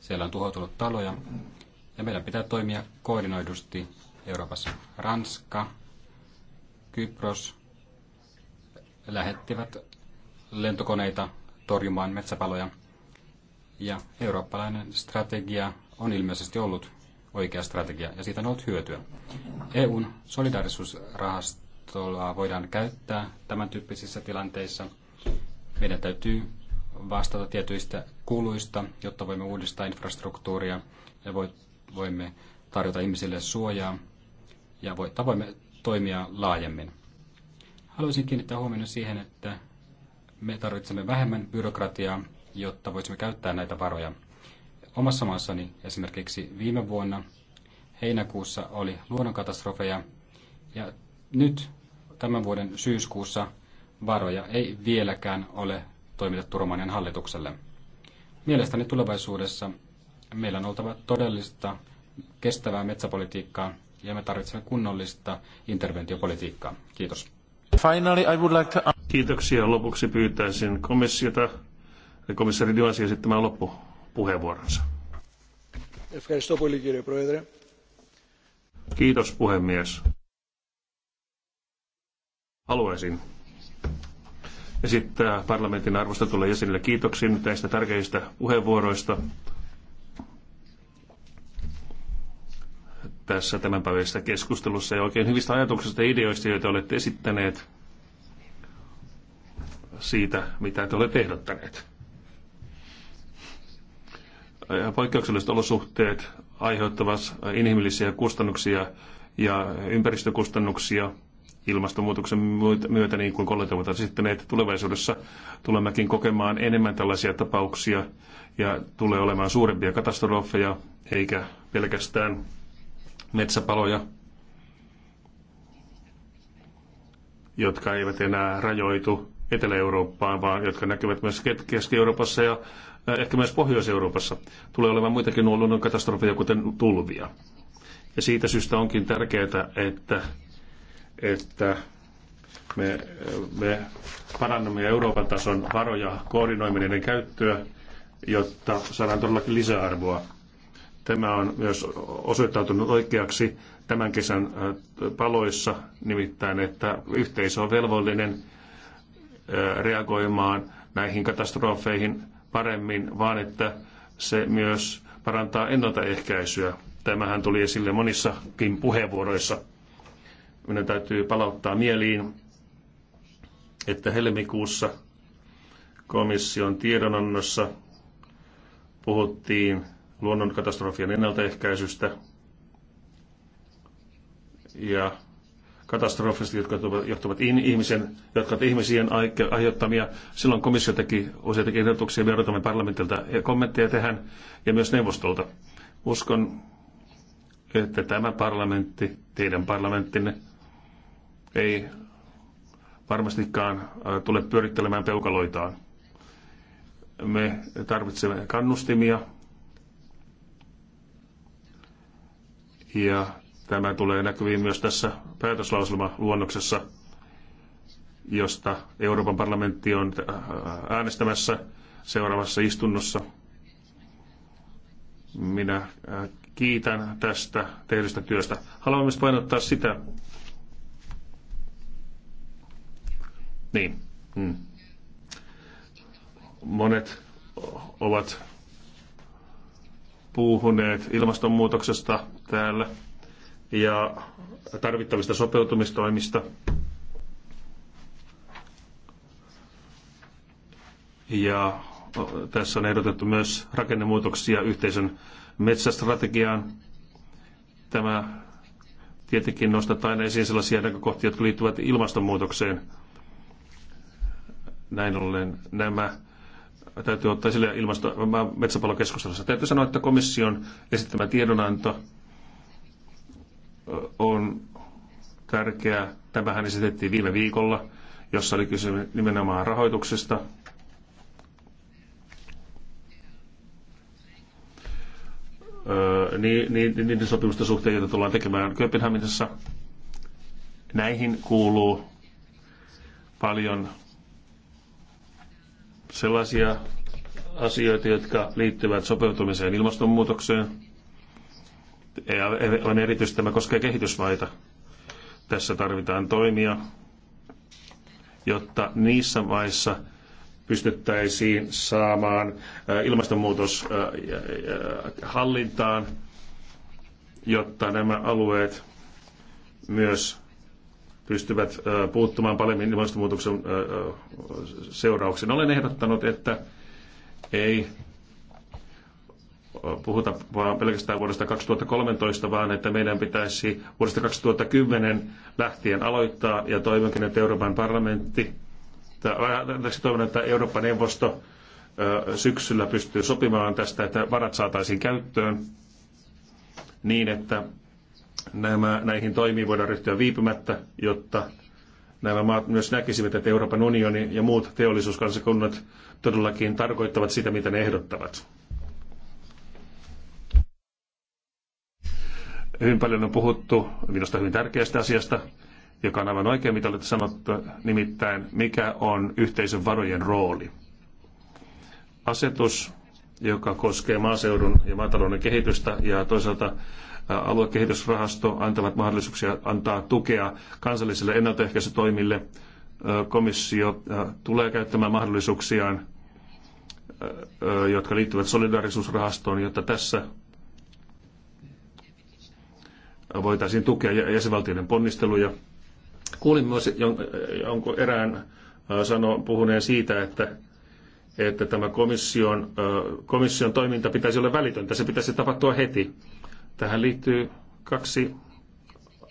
siellä on tuhoutunut taloja ja meidän pitää toimia koordinoidusti Euroopassa. Ranska, Kypros lähettivät lentokoneita torjumaan metsäpaloja ja eurooppalainen strategia on ilmeisesti ollut oikea strategia ja siitä on ollut hyötyä. EUn solidaarisuusrahastoa voidaan käyttää tämän tyyppisissä tilanteissa. Meidän täytyy vastata tietyistä kuluista, jotta voimme uudistaa infrastruktuuria ja voimme tarjota ihmisille suojaa ja voimme toimia laajemmin. Haluaisin kiinnittää huomioon siihen, että me tarvitsemme vähemmän byrokratiaa, jotta voisimme käyttää näitä varoja. Omassa maassani esimerkiksi viime vuonna heinäkuussa oli luonnonkatastrofeja ja nyt tämän vuoden syyskuussa varoja ei vieläkään ole toimitettu Romanian hallitukselle. Mielestäni tulevaisuudessa meillä on oltava todellista kestävää metsäpolitiikkaa ja me tarvitsemme kunnollista interventiopolitiikkaa. Kiitos. Finally, I would like to... Kiitoksia. Lopuksi pyytäisin komissiota, komissari Dioasi esittämään loppupuheenvuoronsa. Kiitos puhemies. Haluaisin esittää parlamentin arvostetulle jäsenille kiitoksin näistä tärkeistä puheenvuoroista tässä tämänpäiväisessä keskustelussa ja oikein hyvistä ajatuksista ja ideoista, joita olette esittäneet siitä, mitä te olette ehdottaneet. Poikkeukselliset olosuhteet aiheuttavat inhimillisiä kustannuksia ja ympäristökustannuksia – ilmastonmuutoksen myötä, niin kuin kollegat Sitten että tulevaisuudessa tulemmekin kokemaan enemmän tällaisia tapauksia ja tulee olemaan suurempia katastrofeja, eikä pelkästään metsäpaloja, jotka eivät enää rajoitu Etelä-Eurooppaan, vaan jotka näkyvät myös Keski-Euroopassa ja äh, ehkä myös Pohjois-Euroopassa. Tulee olemaan muitakin nuolunno-katastrofeja kuten tulvia. Ja siitä syystä onkin tärkeää, että että me, me parannamme Euroopan tason varoja, niiden käyttöä, jotta saadaan todellakin lisäarvoa. Tämä on myös osoittautunut oikeaksi tämän kesän äh, paloissa, nimittäin että yhteisö on velvollinen äh, reagoimaan näihin katastrofeihin paremmin, vaan että se myös parantaa ennaltaehkäisyä. Tämähän tuli esille monissakin puheenvuoroissa Minun täytyy palauttaa mieliin, että helmikuussa komission tiedonannossa puhuttiin luonnonkatastrofien ennaltaehkäisystä ja katastrofista, jotka johtuvat ihmisen, jotka ovat ihmisien aiheuttamia. Silloin komissio teki useitakin ehdotuksia, me odotamme parlamentilta kommentteja tähän ja myös neuvostolta. Uskon, että tämä parlamentti, teidän parlamenttinne, ei varmastikaan äh, tule pyörittelemään peukaloitaan. Me tarvitsemme kannustimia ja tämä tulee näkyviin myös tässä päätöslauselmaluonnoksessa, josta Euroopan parlamentti on äh, äänestämässä seuraavassa istunnossa. Minä äh, kiitän tästä tehdystä työstä. Haluan myös painottaa sitä, Niin. Mm. Monet ovat puhuneet ilmastonmuutoksesta täällä ja tarvittavista sopeutumistoimista. Ja tässä on ehdotettu myös rakennemuutoksia yhteisön metsästrategiaan. Tämä tietenkin nostetaan esiin sellaisia näkökohtia, jotka liittyvät ilmastonmuutokseen – näin ollen nämä täytyy ottaa sille ilmasto- metsäpalokeskustelussa. Täytyy sanoa, että komission esittämä tiedonanto on tärkeä. Tämähän esitettiin viime viikolla, jossa oli kysymys nimenomaan rahoituksesta. Niin, niin, niiden sopimusten suhteen, joita tullaan tekemään Kööpenhaminassa. Näihin kuuluu paljon sellaisia asioita, jotka liittyvät sopeutumiseen ilmastonmuutokseen. On erityisesti tämä koskee kehitysmaita. Tässä tarvitaan toimia, jotta niissä maissa pystyttäisiin saamaan ilmastonmuutos hallintaan, jotta nämä alueet myös pystyvät puuttumaan paremmin ilmastonmuutoksen seurauksiin. Olen ehdottanut, että ei puhuta vaan pelkästään vuodesta 2013, vaan että meidän pitäisi vuodesta 2010 lähtien aloittaa ja toivonkin, että Euroopan parlamentti, tai äh, toivon, että Euroopan neuvosto syksyllä pystyy sopimaan tästä, että varat saataisiin käyttöön niin, että nämä, näihin toimiin voidaan ryhtyä viipymättä, jotta nämä maat myös näkisivät, että Euroopan unioni ja muut teollisuuskansakunnat todellakin tarkoittavat sitä, mitä ne ehdottavat. Hyvin paljon on puhuttu minusta hyvin tärkeästä asiasta, joka on aivan oikein, mitä olette sanottu, nimittäin mikä on yhteisön varojen rooli. Asetus, joka koskee maaseudun ja maatalouden kehitystä ja toisaalta aluekehitysrahasto antavat mahdollisuuksia antaa tukea kansallisille ennaltaehkäisytoimille. Komissio tulee käyttämään mahdollisuuksiaan, jotka liittyvät solidaarisuusrahastoon, jotta tässä voitaisiin tukea jäsenvaltioiden ponnisteluja. Kuulin myös jonkun erään sano, puhuneen siitä, että, että tämä komission, komission toiminta pitäisi olla välitöntä, se pitäisi tapahtua heti. Tähän liittyy kaksi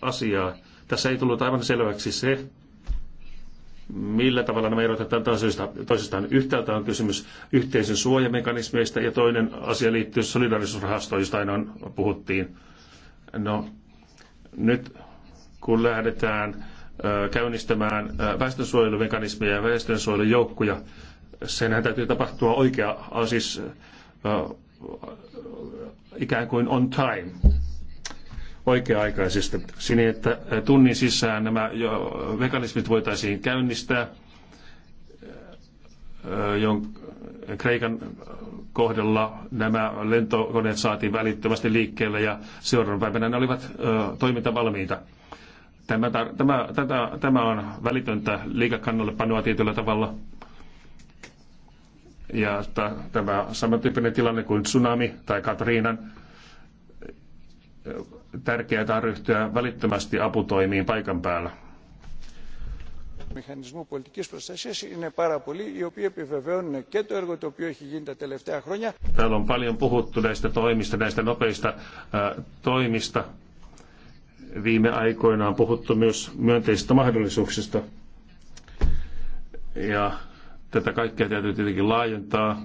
asiaa. Tässä ei tullut aivan selväksi se, millä tavalla nämä erotetaan toisistaan. toisistaan. Yhtäältä on kysymys yhteisön suojamekanismeista ja toinen asia liittyy solidarisuusrahastoon, josta aina on, puhuttiin. No, nyt kun lähdetään käynnistämään väestönsuojelumekanismeja ja väestönsuojelujoukkuja, senhän täytyy tapahtua oikea, siis ikään kuin on time oikea-aikaisesti, sinne, että äh, tunnin sisään nämä mekanismit voitaisiin käynnistää, äh, jonka Kreikan kohdalla nämä lentokoneet saatiin välittömästi liikkeelle ja seuraavana päivänä ne olivat toimintavalmiita. Tämä, tämä, tämä on välitöntä liikekannallepanoa tietyllä tavalla ja tämä samantyyppinen tilanne kuin tsunami tai Katriinan tärkeää on ryhtyä välittömästi aputoimiin paikan päällä. Μηχανισμού πολιτική προστασία on πάρα πολλοί, οι οποίοι επιβεβαιώνουν και το έργο το οποίο Täällä on paljon puhuttu näistä toimista, näistä nopeista äh, toimista. Viime aikoina on puhuttu myös myönteisistä mahdollisuuksista. Ja Tätä kaikkea täytyy tietenkin laajentaa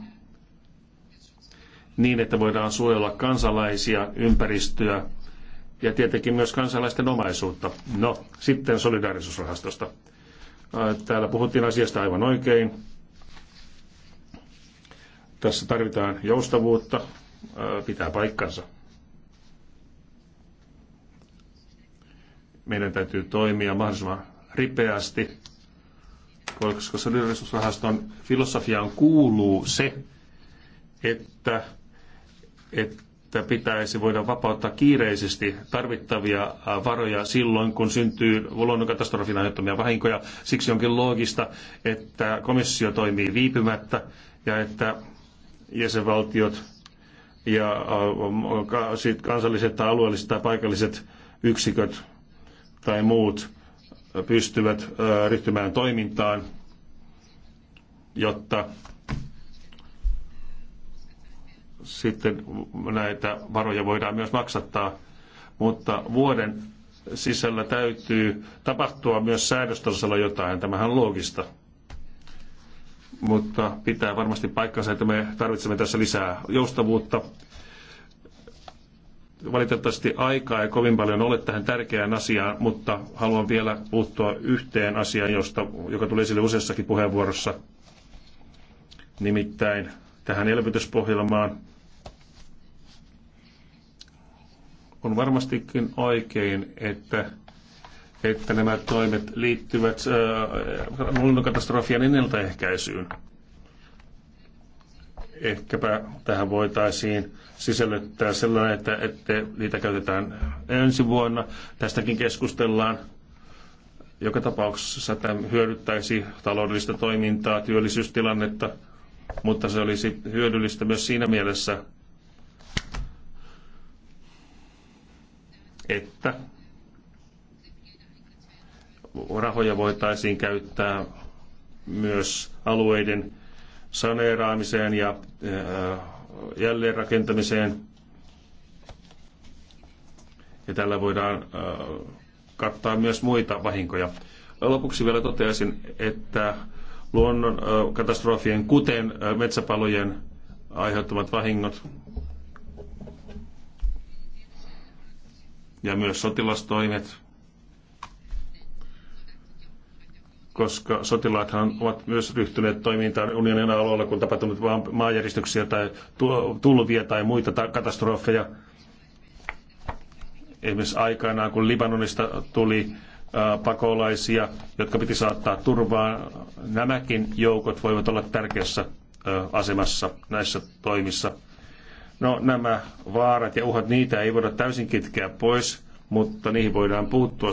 niin, että voidaan suojella kansalaisia, ympäristöä ja tietenkin myös kansalaisten omaisuutta. No, sitten solidaarisuusrahastosta. Äh, täällä puhuttiin asiasta aivan oikein. Tässä tarvitaan joustavuutta, äh, pitää paikkansa. Meidän täytyy toimia mahdollisimman ripeästi koska solidarisuusrahaston filosofiaan kuuluu se, että, että pitäisi voida vapauttaa kiireisesti tarvittavia varoja silloin, kun syntyy luonnonkatastrofin aiheuttamia vahinkoja. Siksi onkin loogista, että komissio toimii viipymättä ja että jäsenvaltiot ja kansalliset tai alueelliset tai paikalliset yksiköt tai muut pystyvät ryhtymään toimintaan, jotta sitten näitä varoja voidaan myös maksattaa. Mutta vuoden sisällä täytyy tapahtua myös säädöstasolla jotain. Tämähän on loogista. Mutta pitää varmasti paikkansa, että me tarvitsemme tässä lisää joustavuutta valitettavasti aikaa ei kovin paljon ole tähän tärkeään asiaan, mutta haluan vielä puuttua yhteen asiaan, josta, joka tuli esille useassakin puheenvuorossa, nimittäin tähän elvytyspohjelmaan. On varmastikin oikein, että, että nämä toimet liittyvät äh, äh luonnonkatastrofien ennaltaehkäisyyn – ehkäpä tähän voitaisiin sisällyttää sellainen, että, että niitä käytetään ensi vuonna. Tästäkin keskustellaan. Joka tapauksessa tämä hyödyttäisi taloudellista toimintaa, työllisyystilannetta, mutta se olisi hyödyllistä myös siinä mielessä, että rahoja voitaisiin käyttää myös alueiden saneeraamiseen ja äh, jälleenrakentamiseen. Ja tällä voidaan äh, kattaa myös muita vahinkoja. Lopuksi vielä toteaisin, että luonnon äh, katastrofien, kuten metsäpalojen aiheuttamat vahingot ja myös sotilastoimet koska sotilaathan ovat myös ryhtyneet toimintaan unionin alueella, kun tapahtunut maanjäristyksiä tai tulvia tai muita katastrofeja. Esimerkiksi aikanaan, kun Libanonista tuli pakolaisia, jotka piti saattaa turvaan, nämäkin joukot voivat olla tärkeässä asemassa näissä toimissa. No nämä vaarat ja uhat, niitä ei voida täysin kitkeä pois mutta niihin voidaan puuttua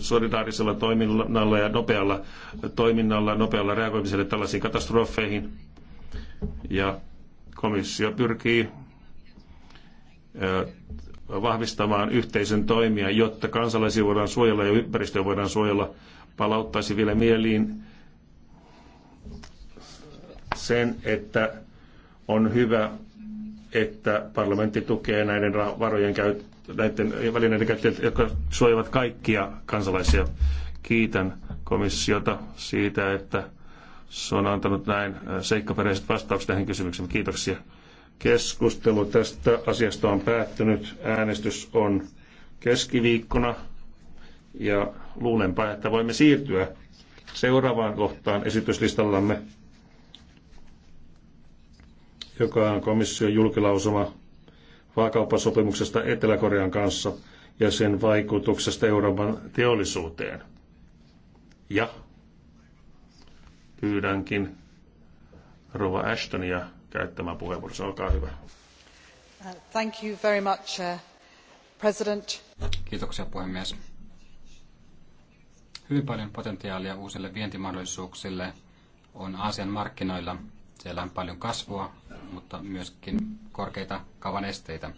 solidaarisella toiminnalla ja nopealla toiminnalla, nopealla reagoimisella tällaisiin katastrofeihin. Ja komissio pyrkii vahvistamaan yhteisön toimia, jotta kansalaisia voidaan suojella ja ympäristöä voidaan suojella. Palauttaisi vielä mieliin sen, että on hyvä, että parlamentti tukee näiden varojen käyttöä näiden välineiden käyttäjät, jotka suojavat kaikkia kansalaisia. Kiitän komissiota siitä, että se on antanut näin äh, seikkaperäiset vastaukset tähän kysymykseen. Kiitoksia. Keskustelu tästä asiasta on päättynyt. Äänestys on keskiviikkona ja luulenpa, että voimme siirtyä seuraavaan kohtaan esityslistallamme, joka on komission julkilausuma vaakauppasopimuksesta Etelä-Korean kanssa ja sen vaikutuksesta Euroopan teollisuuteen. Ja pyydänkin Rova Ashtonia käyttämään puheenvuoronsa. Olkaa hyvä. Thank you very much, uh, President. Kiitoksia puhemies. Hyvin paljon potentiaalia uusille vientimahdollisuuksille on Aasian markkinoilla. Siellä on paljon kasvua, mutta myöskin korkeita kavanesteitä.